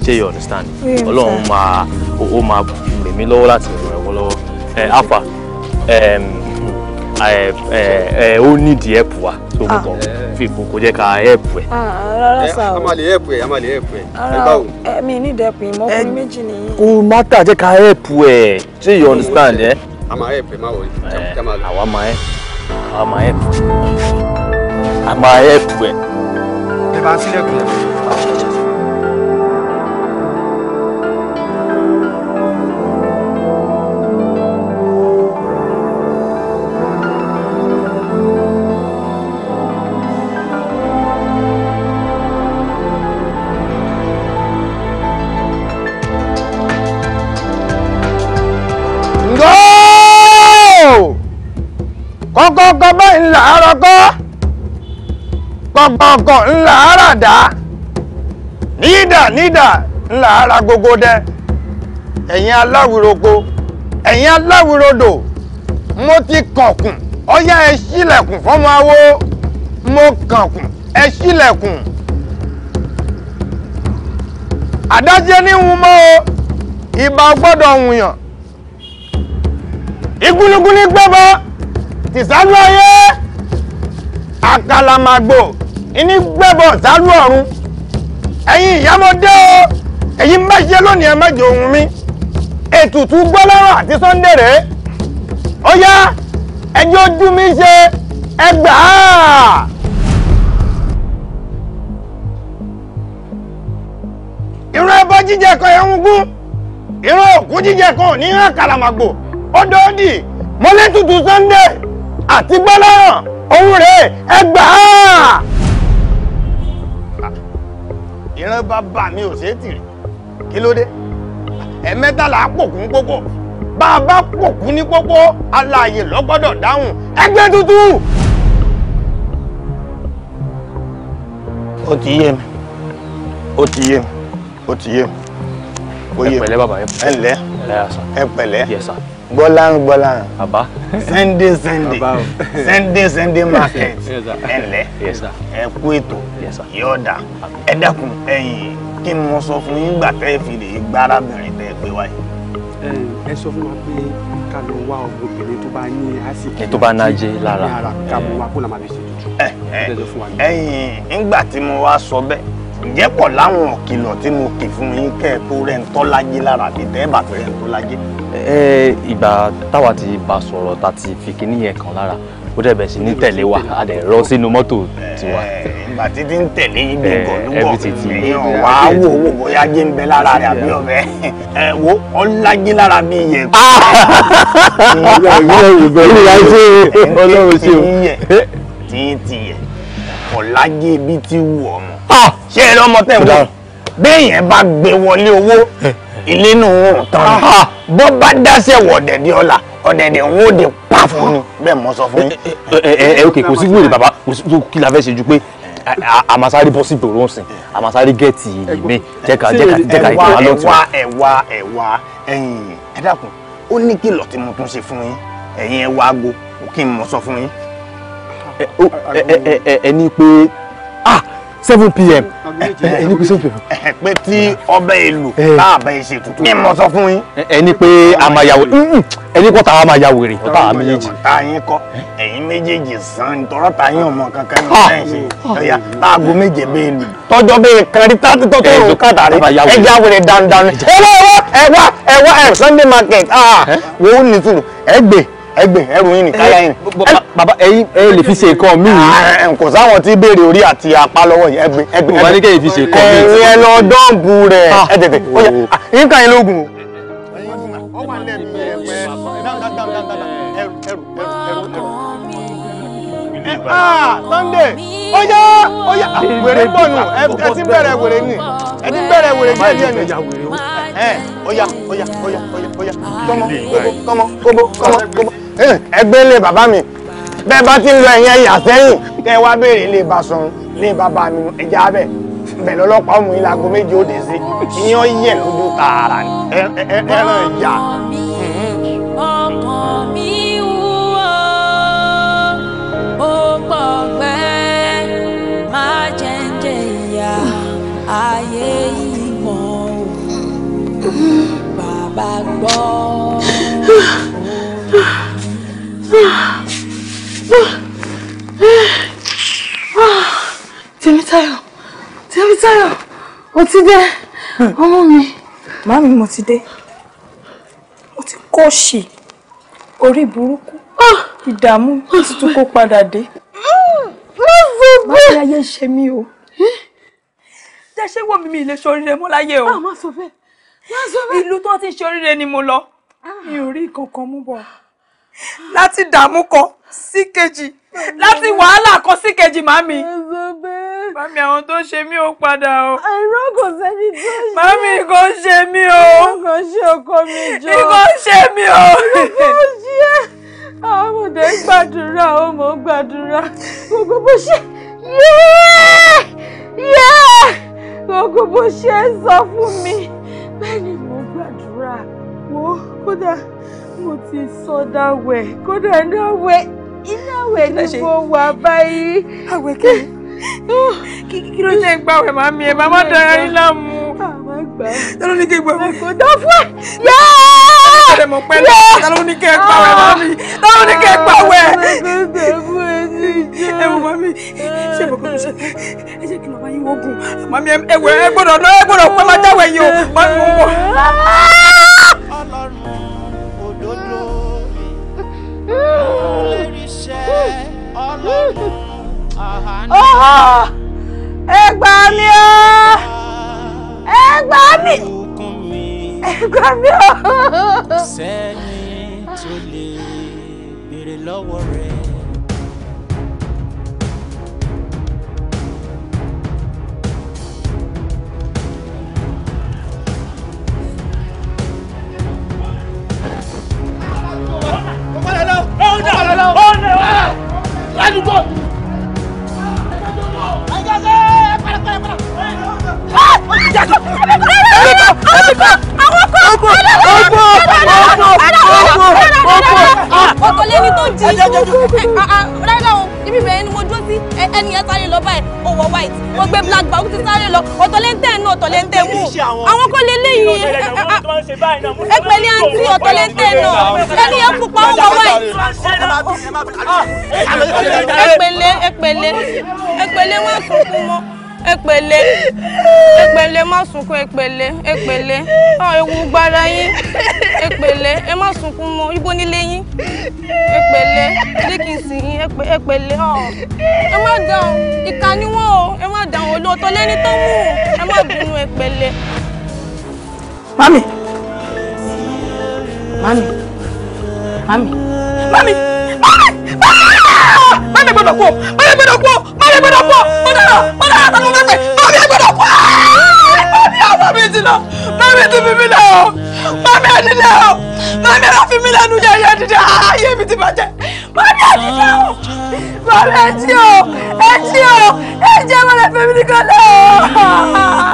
ṣé you understand oh, ọlọ́run máa ó máa rè mí lọ́wọ́ láti ràn ẹ̀wọ́ lọ́wọ́ ẹ̀ afa ó nídìí ẹ̀pù wa tó mú ah. kàn fi kún kó jẹ́ ká ẹ̀pù ẹ̀. Ah, rárá eh, sá o a máa lè ẹ̀pù ẹ̀ a máa lè ẹ̀pù ẹ̀ ẹ báwo. Eh, mi ní ìdẹ̀pù ìmọ̀ ọkùnrin méjì nìyí. kò má tà jẹ́ ká ẹ̀pù ẹ̀ ṣé you understand ẹ̀. Eh? a ẹ̀pù ẹ̀ máa wọ̀ ẹ̀ àwa máa ẹ̀ àwa máa ẹ̀pù ẹ̀ a ẹ̀pù ẹ̀. ẹ bá sílẹ̀kùn ẹ̀. ńlá rọkọ́ kọ̀kọ̀kọ̀ ńlá ràdá nídà nídà ńlá ra gogo dẹ ẹ̀yin aláwìroko ẹ̀yin aláwìrodò mo ti kànkùn ọyá ẹ ṣílẹ̀kùn fọ́mọ awó mo kànkùn ẹ àdájẹ́ níhun o ìbá wùyàn àkàlàmàgbò ìní gbẹ́bọ̀ sálú ọ̀run ẹ̀yin ìyámọ́dé o èyí má ṣe lónìí ẹ má jẹ ohun mi ètùtù gbọ́lọ́rọ̀ àti Sunday rèé ó yá ẹjọ́ ojú mi ṣe ẹgbàá. ìran ẹbọ jíjẹ kan ẹ̀hún gún ìran òkú jíjẹ kan ò ní hàn kàlàmàgbò ó dòódì mọ́lẹ́tùtù Sunday àti gbọ́lọ́rọ̀ òun rèé ẹ gbà á. ìran bàbá mi ò ṣeé tìrì kí ló dé ẹ̀ẹ̀mẹ́ta là á pòkún pópó bá a bá pòkún ní pópó aláàyè lọ́gbọ́dọ̀ dáhùn ẹgbẹ́ tútù. ó ti yé mi ó ti yé mi ó ti yé mi ó yé mi ẹ pẹ̀lẹ́ bàbá ẹ pẹ̀lẹ́ ẹ pẹ̀lẹ́ bolan, gbọ́láhùn bàbá sunday sunday sunday sunday market ẹ̀lẹ́ ẹ̀kú ètò yọ̀ọ̀dà ẹ̀dẹ́kun ẹ̀yìn kí ni mo sọ fún yín gbà tẹ́ fi lè gba arábìnrin tẹ́ pé wáyé. ẹ sọ fún wa pé ká lọ wá ọmọbìnrin tó bá ní àsìkò tó bá nájẹ lára ká mú wa kó làmà fi ṣe tuntun. ẹ̀yìn nígbà tí mo wá sọ bẹ́ẹ̀ ǹjẹ́ pọ̀ láwọn ìkìlọ̀ tí mo kì fún yín kẹ́ ẹ tó rẹ̀ ń tọ́ láyé lára àbí tẹ́ ẹ bá ti rẹ̀ ń tọ́ láyé. ẹ ìgbà táwa ti bá sọ̀rọ̀ ta ti fi kinní yẹn kàn lára ó dẹ̀ bẹ̀ sí ní tẹ̀lé wa a dẹ̀ rọ́ sínú mọ́tò tiwa. ìgbà títí ń tẹ̀lé yín bí gọ̀lúgọ̀ èèyàn wá wò wò bóyá jẹ́ ń bẹ lára rẹ̀ àbí ọ̀bẹ ẹ wo ọ̀làjì lára mi yẹ. ọlọ́run ṣe o. wù ọmọ ṣé ẹ lọ́mọ tẹ̀ wọ́n béèyàn bá gbé wọlé owó eh. ilé nù wọn tán ni bó bá dáṣẹ́ wọ̀ ọ̀dẹ̀dẹ̀ ọ̀la ọ̀dẹ̀dẹ̀ wọn ò dé pa fún ni bẹ́ẹ̀ mọ̀ sọ fún yín. ẹ ẹ ẹ ok kò sí wèrè bàbá kí la fẹ́ ṣe ju pé àmàsáré bọ́ sí ìgboro ọ̀sìn àmàsáré gẹ̀ẹ́tì ìmí jẹ́ka jẹ́ka jẹ́ka ìgbà lọ́tún. ẹ̀wà ẹ̀wà ẹ̀wà ẹ̀yìn ẹ dákun ó ní kìlọ̀ tí mo tún ṣe fún yín ẹ̀yin ẹ̀wà ago kí n mọ̀ sọ fún yín. Eh, ẹ ní pé ah seven pm ẹni pé seven pm. pé tí ọbẹ̀ èlò láàbẹ̀ eh. ìṣe tuntun. mi mọ̀ sọ fún yín. ẹni eh, eh, pé a máa yàwó ẹni kọ́ táwa máa yàwó rè ọ̀tá àwa méjèèjì. táyín kọ ẹ̀yin méjèèjì sàn tọrọ táyín ọmọ kankan ní ọ̀sẹ̀ ìṣe lọ́yà láago méje bẹ́ẹ̀ lù. tọjọ bẹ́ẹ̀ kan rí tátí tó tó rò kàtàrí ẹja wẹrẹ dandan. ẹ wá ẹ wá ẹ wá ẹ Sunday market ah, wo ní tùrù ẹ gbé ẹgbẹ ẹrù yín nìkan yẹn. bàbá ẹyin ẹ lè fi ṣe nǹkan míì. Ah, kò sáwọn tí béèrè orí àti apá lọ́wọ́ yìí ẹgbẹ ẹgbẹ. wọ́n ní kéyìí fi ṣe nǹkan míì. ẹ̀yin ẹ lọ dọ́ọ̀bù rẹ̀ ah. ẹ̀ tètè. nǹkan yẹn lóògùn o. bí Sunday Oya, Oya, ó yá wèrè bọ̀ nù ẹ ti bẹ̀rẹ̀ wèrè ni ẹ ti bẹ̀rẹ̀ wèrè díẹ̀ díẹ̀ ni. ẹ ó yá ó yá ó yá ó yá ó yá kọ́mọ kọ́mọ kọ́mọ kọ́mọ ẹgbẹ́ lé bàbá mi bẹ́ẹ̀ bá ti ń lọ ẹ̀yìn ẹ̀yà sẹ́yìn kẹ́ ẹ wá béèrè lè bá sọ̀rọ̀ lè bàbá mi ẹja bẹ́ẹ̀ bẹ̀ lọ́lọ́pàá ọmọ yìí lago méje ó sí ìyẹn yẹ lójú tààrà ni ẹran ìyá. ọkàn mi ọgbẹ́ má jẹ́ ń jẹ ìyà ayé yìí mọ́ o bàbá gbọ́ Tèmítáyọ̀ Tèmítáyọ̀ mo ti dé ọmọ mi. Màámi mo ti dé mo ti kóòṣì orí burúkú ah! ìdààmú títún kó padà dé má fi ayé ṣe mí o tẹ ṣé wò mí mi lè ṣoríire láyé o ah, má sọ bẹ́ẹ̀ má sọ bẹ́ẹ̀ ìlú tó ti ṣoríire ni mo lọ ah. mi ò rí kankan mú bọ̀ láti dààmú kan sí kejì láti wàhálà kan sí kejì màmí màmí àwọn tó ṣe mí ò padà o àìrọ́ kò sẹ́ni tó ṣe màmí kò ṣe mí o kò ṣe ọkọ mi jọ kò ṣe mí o kò ṣe àwọn ọmọdé ń gbàdúrà àwọn ọmọ ń gbàdúrà gbogbo bó ṣe yéé gbogbo bó ṣe sọ fún mi bẹ́ẹ̀ ni mo gbàdúrà wo kódà mo ti sọ dáwẹ̀ kódà dáwẹ̀ iná àwẹ̀ ni mo wà báyìí. àwẹ̀ kẹ́ kí ló ṣe ń gbàwẹ̀ màmí ẹ̀ màmá dára yín láàmú. àmọ́ gbà á. lọ́dún ní kí n gbà. kò dán fún ẹ. yéé ẹ̀rẹ̀ ah! mọ̀ pẹ́ lọ tọ́lú ní kẹ́ gbà wẹ̀ ah! mọ́mí tọ́lú ní kẹ́ gbà wẹ̀. ẹ wọ mọ́mí ṣé mo kọ́ ṣe ẹ jẹ́ kí màmá yín wọ́gùn mọ́mí ẹ wẹ̀ ẹ gbọ́dọ̀ lọ ẹ gbọ́dọ̀ pẹ́ máa jáwé yìí o mọ́mí mo ẹ gbà mí sẹ́ni tó lè béèrè lọ́wọ́ rẹ̀. ládùúgbò. Jago, ẹbí kọ́, ẹbí kọ́, ẹbí kọ́ ọkọ ọkọ ọkọ ọkọ ọkọ ọkọ lẹni tó jí rárá o ibi bẹ̀rẹ̀ ni mo dúró sí ẹni yẹn sáré lọ báyìí ó wọ white ó gbé black bag ó ti sáré lọ ọ̀tọ̀ lẹ́ńtẹ̀ náà ọ̀tọ̀ lẹ́ńtẹ̀ mú àwọn kò lè léyìí ẹ pẹ̀lú àǹtí ọ̀tọ̀ lẹ́ńtẹ̀ náà ẹni yẹn pupa ó wọ white. ẹ pẹ̀lẹ́ ẹ pẹ̀lẹ́ ẹ pẹ̀lẹ́ wọn kò kú mọ́ ẹpẹ̀lẹ́ ẹpẹ̀lẹ́ má sunkún ẹpẹ̀lẹ́ ẹpẹ̀lẹ́ ọ ewu gbára yín ẹpẹ̀lẹ́ ẹ má sunkún mọ́ ibo nílé yín ẹpẹ̀lẹ́ ilé kì í sì yín ẹpẹ̀lẹ́ ọ ẹ má dáhùn ìka ni wọn o ẹ má dáhùn olóòótọ́ lẹ́ni tó mú o ẹ má bínú ẹpẹ̀lẹ́. mami mami mami mami mami mami gbọ́dọ̀ kú mami gbọ́dọ̀ kú gbọ́dọ̀ pọ̀ mo dára mo dára tó ló fẹ́ pẹ́ mami ẹ gbọ́dọ̀ pọ̀ mami ọmọ mi ti lọ mami ti fi mi lẹ o mami ẹ ti lẹ o mami ẹ fi mi lẹnu yẹ yẹ dídá ayé mi ti bàjẹ́ mami ẹ ti lẹ o mami ẹ ti o ẹ ti o ẹ jẹ́ wọn lẹ fẹ́ mi ní kan lẹ o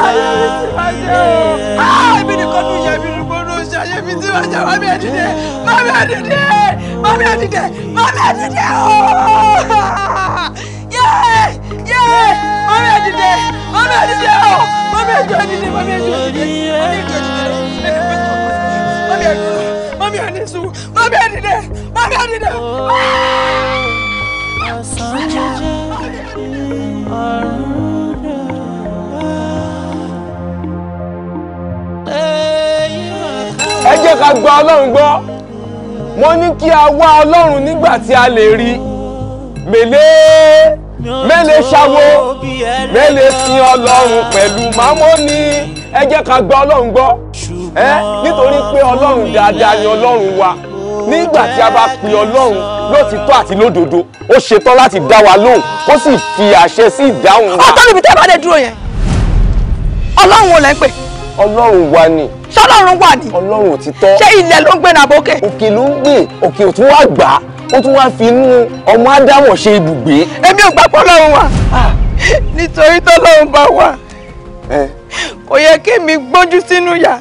ayé mi ti bàjẹ́ o ayé mi ní kan ló yẹ mi ní kan ló ṣe ayé mi ti bàjẹ́ mami ẹ ti lẹ mami ẹ ti lẹ mami ẹ ti lẹ mami ẹ ti lẹ o yé mami ẹ dìde mami ẹ dìde o mami ẹ jọ dìde mami ẹ jọ dìde mami ẹ jọ dìde mami ẹ dìde mami ẹ ní sùn mami ẹ dìde mami ẹ dìde. ọ̀sán jẹ́ ọ̀run. ẹ jẹ́ ká gba ọlọ́run gbọ́ wọ́n ní kí a wá ọlọ́run nígbà tí a lè rí mèlé mẹ́lẹ̀ ṣàwo mẹ́lẹ̀ sin ọlọ́run pẹ̀lú màmọ́ni ẹ jẹ́ ká gba ọlọ́run gbọ́ ẹ nítorí pé ọlọ́run dáadáa ni ọlọ́run wa nígbà tí a bá pe ọlọ́run lótìtọ́ àti lódodo ó ṣetán láti dá wa lóhùn ó sì fi àṣẹ sí ìdáhùn wa. ọ̀tọ̀ níbi tẹ́ ẹ bá lè dúró yẹn ọlọ́run ò lẹ́ ń ọlọ́run wa ni. ṣọlọ́run wà ní. ọlọ́run òtítọ́. ṣé ilẹ̀ ló ń gbé nàbókè. òkè ló ń gbé òkè òtún wá gbà á ó tún wáá fi inú ọmọ ádámọ̀ ṣe ibùgbé. èmi ò gbàgbọ́ lọ́run wa ah, nítorí tọ́lọ́run bá wà kò yẹ kí mi gbójú sínú ìyà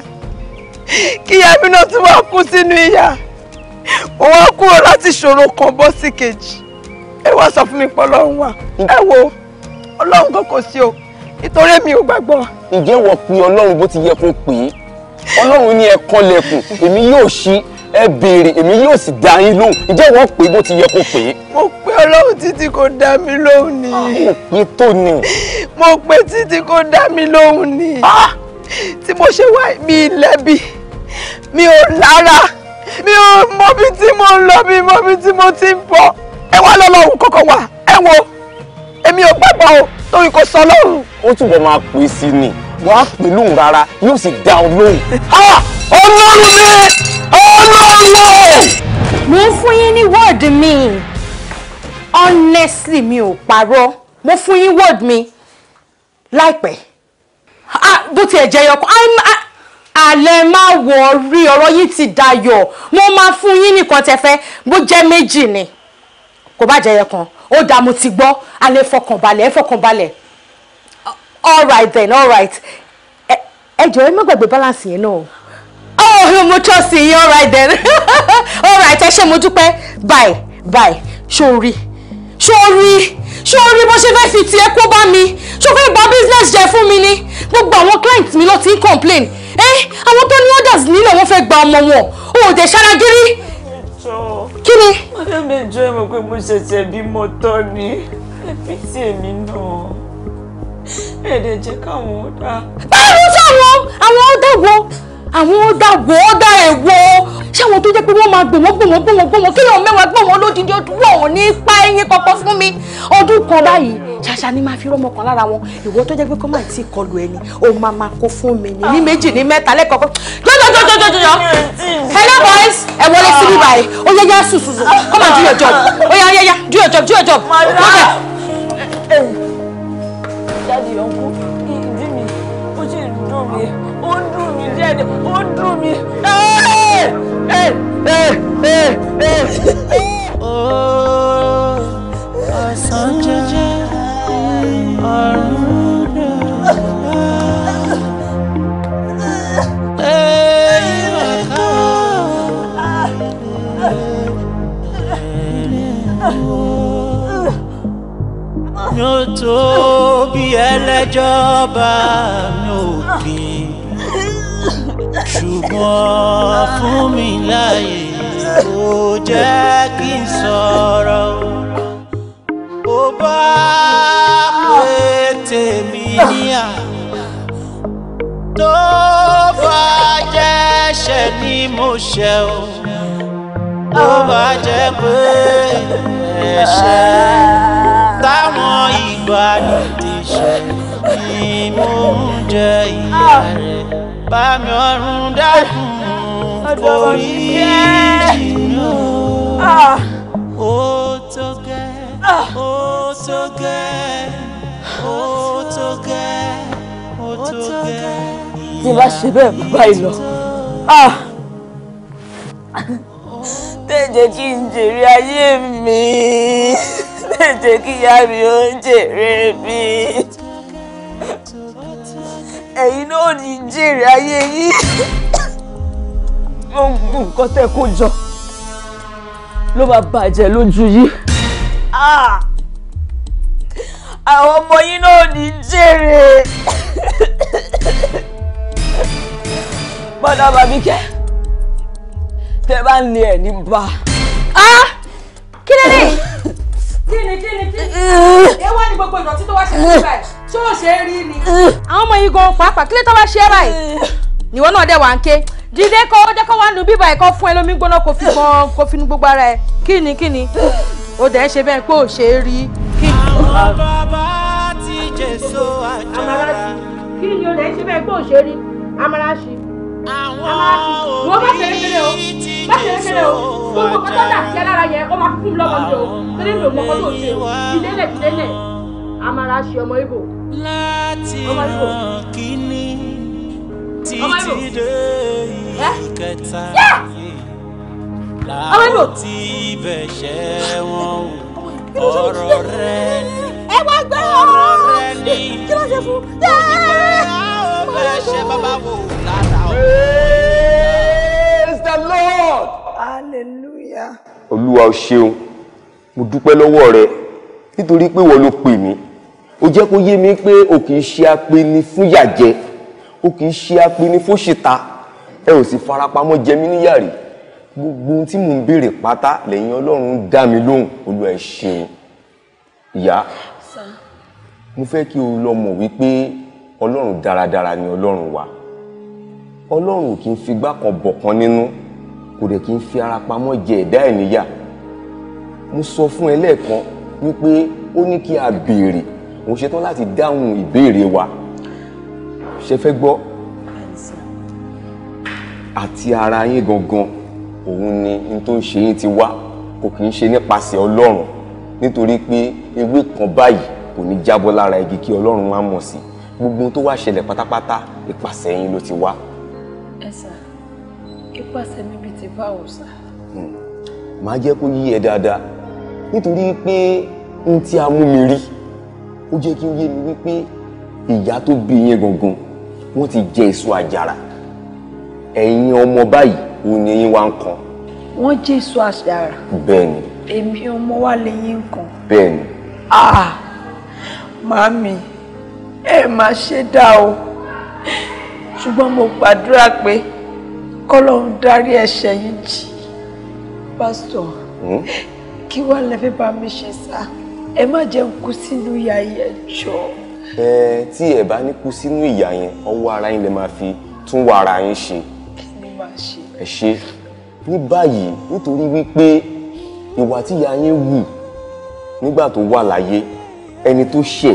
kí ìyá mi náà tún wáá kú sínú ìyà mo wá kúrò láti ṣòro kan bọ́ sí kejì ẹ wá sọ fún mi pé ọlọ́run wà ẹ wo ọlọ́run kan kò sí o nítorí mi ò gbàgbọ́. ǹjẹ́ wọ́n pe ọlọ́run bó ti yẹ kó pè é ọlọ́run ní ẹ kọ́lẹ̀kùn èmi yóò ṣí ẹ béèrè èmi yóò sì dá yín lóhùn ǹjẹ́ wọ́n pè é bó ti yẹ kó pè é. mo pe ọlọ́run títí kò dá mi lóhùn ni. Ah, mo pe tó ni. mo pe títí kò dá mi lóhùn ni. Ah! tí mo ṣe wá mi lẹ́bi mi ò lára mi ò mọbi tí mo ń lọ mi mọbi tí mo ti ń bọ̀ ẹ wá lọ́lọ́run kọ́kọ́ wà ẹ wo èmi ò gbàgbọ́ o torí kò sọ lọ́rùn. ó túbọ̀ máa pè sí ni wọ́n á pè lóhùn rárá yóò sì dá ọ lóhùn. ọlọ́run mi ọlọ́wọ́. mo ń fún yín ní wọ́ọ̀dù mi honestly mi ò parọ́ mo fún yín wọ́ọ̀dù mi láìpẹ́ bó tiẹ̀ jẹ́ yọkọ alẹ́ máa wọ̀ rí ọ̀rọ̀ yìí ti dayọ̀ mo máa fún yín nìkan tẹ́fẹ́ bó jẹ́ méjì ni kò bá jẹ́ yẹn kan ó dá mo ti gbọ́ alẹ́ fọkànbalẹ̀ ẹ fọkànbalẹ̀ all right then all right ẹ jọ̀ọ́ ẹ má gbàgbé balance yẹn náà oh mo trust yín all right then all right ẹ ṣé mo dúpẹ́ bye bye ṣóorí ṣóorí ṣóorí bó ṣe fẹ́ fi tiẹ̀ kó bá mi ṣó fẹ́ bà business jẹ́ fún mi ni gbogbo àwọn client mi ló ti ń complain ẹ eh, àwọn tó ní orders nílẹ̀ wọ́n fẹ́ gba ọmọ wọn o ò dẹ̀ ṣaragírí. kí ni. ọjọ́ mẹ́jọ ẹ̀ mọ̀ pé mo ṣẹ̀ṣẹ̀ bímọ tán ni ẹbí tí èmi náà ẹ̀ẹ́dẹ̀ jẹ́ káwọn ó dá. báwo táwọn àwọn ó dá wo àwọn ó dá wò ó dá èwo ṣé àwọn tó jẹ́ pé wọ́n máa gbòmọ́ gbòmọ́ gbòmọ́ gbòmọ́ kéèyàn mẹ́wàá gbòmọ́ lódìdí ọdún wọn ní pa ẹyin kọ̀kọ́ fún mi ọdún kan báyìí ṣàṣà ni máa fi rọ́mọ kan lára wọn ìwọ tó jẹ́ pé kọ́ máa ti kọlu ẹni o máa máa kó fún mi ní ní méjì ní mẹ́ta lẹ́kọ̀ọ́kọ́ jọjọjọjọjọjọ hello boys ẹ wọlé sí bíbá yìí ó yẹ yá sùn sùn sùn come on do your job ó yá yá yá do your job do your job lọ́dẹ̀. jáde ọkọ ìdí mi ó sì ń dùn mí ó ń dùn mí díẹ̀ díẹ̀ mi. ọ̀sán jẹjẹ ọ̀run rẹ̀. mi ò tó bí ẹlẹ́jọ́ bá mi ò bí ṣùgbọ́n fún mi láàyè kò jẹ́ kí n sọ̀rọ̀ ó bá pé tèmi níyà tó bá jẹ́ ṣe ni mo ṣe ó bá jẹ́ pé ẹ̀ṣẹ̀. bá mi ọrùn dákun orí jìnnà ah. ah. ah. ó tó gẹ́ ó tó gẹ́ ó tó gẹ́ ó tó gẹ́. tí bá ṣe bẹ́ẹ̀ bàbá ìlọ tẹ̀jẹ̀ kí n jèrè ayé mi tẹ̀jẹ̀ kí ìyá mi ó jèrè mi ẹ̀yin náà ní jèrè ayé yìí gbogbo nǹkan tẹ́ kó jọ ló máa bàjẹ́ lójú yìí ah! àwọn ọmọ yín náà ní jèrè padà bàbíkẹ́ tẹ́ bá ń lé ẹ̀ ní bá. Ah! kí ló dé kí ni kí ni kí ni ewa gbogbo ìdọ̀tí tó wá ṣe fún báyìí tí ò ṣe é rí ni. Eh. àwọn ọmọ yìí gan pàápàá kí tó bá ṣe é báyìí níwọ eh. náà dẹ̀ wá ń ké dídé kọ́ ó kó wá nu bíbá ẹ̀kọ́ fún ẹ lómi gbóná kó fi gan kó fi nu gbogbo ara ẹ kí ni kí ni ó dẹ̀ ṣe bẹ́ẹ̀ pé ò ṣe rí àwọn bàbá ti jèso àjọra. kí ni ó dẹ̀ ṣe bẹ́ẹ̀ pé ò ṣe rí amaraṣi amaraṣi wọ́n bá ṣe é gbogbo kọ́tọ́ dà sí ẹ yẹn ó máa fún mi lọ́kọ̀ọ́ mi o torí mi ò mọ̀ kọ́tọ́ òṣèlú ìdílé ìdílé amaraṣi ọmọ ibo láti ràn kíní títí dé ìkẹta láwọn tí ibẹ̀ ṣẹ́ wọn o ọ̀rọ̀ rẹ ni ọ̀rọ̀ rẹ ni ìdílé àwọn fẹ́ ṣe bàbá wò lára o. Praise the Lord. hallelujah. olúwa o ṣeun mo dúpẹ́ lọ́wọ́ rẹ nítorí pé wọ́n ló pè mí ó jẹ́ kó yé mi pé o kì í ṣe apẹni fún yàjẹ́ o kì í ṣe apẹni fún ṣìta ẹ ò sì farapamọ́ jẹ mí níyà rí gbogbo ohun tí mò ń béèrè pátá lẹ́yìn ọlọ́run dá mi lóhùn olúwa ẹ ṣeun ìyá mo fẹ́ kí o lọ mọ̀ wípé ọlọ́run dáradára ni ọlọ́run wa ọlọ́run kì í figbá kan bọ̀kan nínú kò dẹ̀ kì í fi ara pamọ́ jẹ ẹ̀dá ẹ̀ níyà mo sọ fún ẹ lẹ́ẹ̀kan wípé ó ní kí a béèrè mo ṣetán láti dáhùn ìbéèrè wa ṣe fẹ́ gbọ́ àti ara yín gangan òun ni n tó ń ṣe yín ti wá kò kì í ṣe nípasẹ̀ ọlọ́run nítorí pé ewé kan báyìí kò ní jábọ́ lára igi kí ọlọ́run má mọ̀ sí gbogbo tó wá ṣẹlẹ̀ pátápátá ìpasẹ̀ yín ló ti wá. ẹ sà ìpasẹ̀ mi bíi ti báwo sà. Hmm. màá jẹ́ kó yí ẹ dáadáa nítorí pé n tí a mú mi rí ó jẹ́ kí n yé mi wípé ìyá tó bí yín gangan wọ́n ti jẹ èso àjàrà ẹ̀yin ọmọ báyìí òun ni yín wá ń kan. wọ́n jẹ́ èso àjàrà. bẹ́ẹ̀ni. èmi ọmọ wa lè yín kan. bẹ́ẹ̀ni. ah màmí ẹ máa ṣe dá o ṣùgbọ́n mo gbàdúrà pé kọ́lọ́hún dárí ẹ̀ṣẹ̀ yín jì pásítọ̀ hmm? kí wàá lè fẹ́ bá mi ṣe sá ẹ má jẹ́ ń kú sínú ìyà yẹn jọ. ẹ tí ẹ bá ní kú sínú ìyà yẹn ọwọ́ ara yín lè máa fi tún wà ara yín ṣe. kí ni màá ṣe. ẹ ṣe ní báyìí nítorí wípé ìwà tí ìyá yín wù nígbà tó wà láyé ẹni tó ṣẹ̀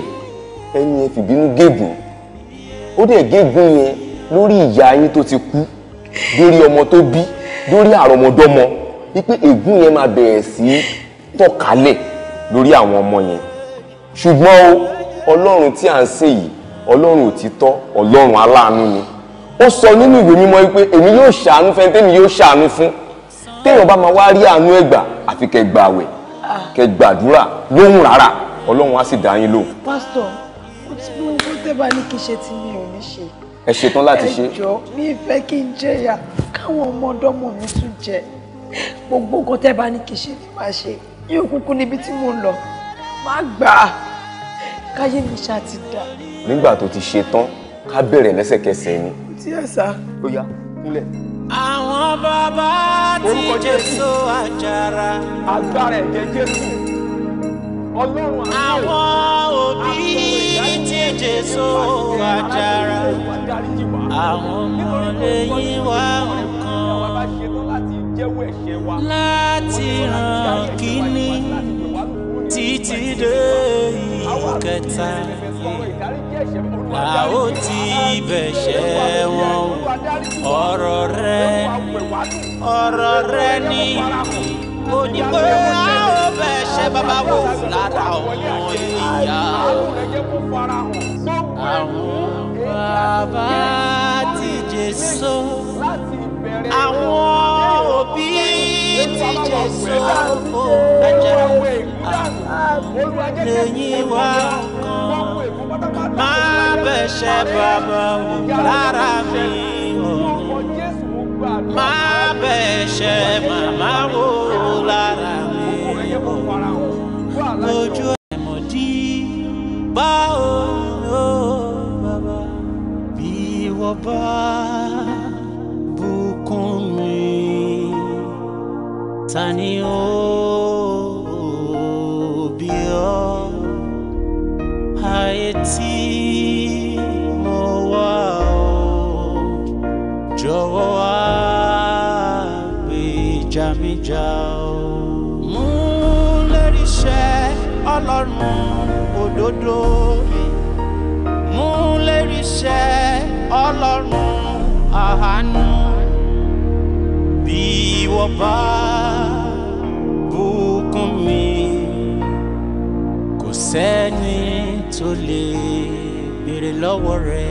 ẹni ẹ fìbínú gégùn ó dẹ̀ gégùn yẹn lórí ìyá yín tó ti kú lórí ọmọ tó bí lórí àrọmọdọ́mọ wípé ègún yẹn máa bẹ̀rẹ̀ sí tọ̀kálẹ̀ lórí àwọn ọmọ yẹn ṣùgbọ́n o ọlọ́run tí à ń sè yìí ọlọ́run òtítọ́ ọlọ́run aláàánú ni ó sọ nínú ìwé mímọ́ wípé èmi yóò ṣàánú fẹ́ tẹ́mi yóò ṣàánú fún téèyàn bá máa wá rí àánú ẹ̀gbà àfi kẹgbà àwẹ̀ kẹgbàdúrà lóhùn rárá ọlọ́run á sì dá yín lóhùn. pásítọ̀ ó ti mú ikú tẹ́bà ní kí n ṣe tí mi ò ní ṣe. ẹ ṣetán láti ṣe. ẹ jọ̀ọ́ mi fẹ́ kí n jẹ̀yà káwọn ọmọ ọ̀dọ́mọ mi tún jẹ gbogbo nǹkan tẹ́bà ní kí n ṣe ni màá ṣe yóò kúkú níbi tí mo lọ má gbà á káyé mi ṣáà ti dà. nígbà tó ti ṣe tán ká bẹ̀rẹ̀ lẹ́sẹ̀kẹsẹ̀ ni. tí ẹ sá. ó yá kúnlẹ̀. àwọn bàbá ti jésù àjàrà. agbára ẹ̀jẹ̀ jésù. ọlọ́run àwọn òbí ti jésù àjàrà. àwọn ọmọ lẹ́yìn wá nǹkan jẹ́wọ́ ẹ̀ṣẹ̀ wa. láti ràn kíní títí dé ìkẹta a ó ti bẹ̀ṣẹ̀ wọn ọ̀rọ̀ rẹ ọ̀rọ̀ rẹ ni onígbé a ó bẹ̀ṣẹ̀ bàbá wò lára ọmọ ìyá àwọn bàbá ti jẹ so àwọn sábàwọ̀ ọ̀gbìn ẹ̀dá ẹ̀jẹ̀ ẹ̀wọ̀ èkúdànù olùwàjẹ́ tẹ̀sí má bẹ̀ṣẹ̀ tani ó bí ọ ayé tí mo wà ó jọ̀wọ́ wá gbèjà mi jà ó. mú lórí iṣẹ́ ọlọ́run òdodo mi mú lórí iṣẹ́ ọlọ́run àánú bí wọ́n sẹ́ni tó lè béèrè lọ́wọ́ rẹ̀.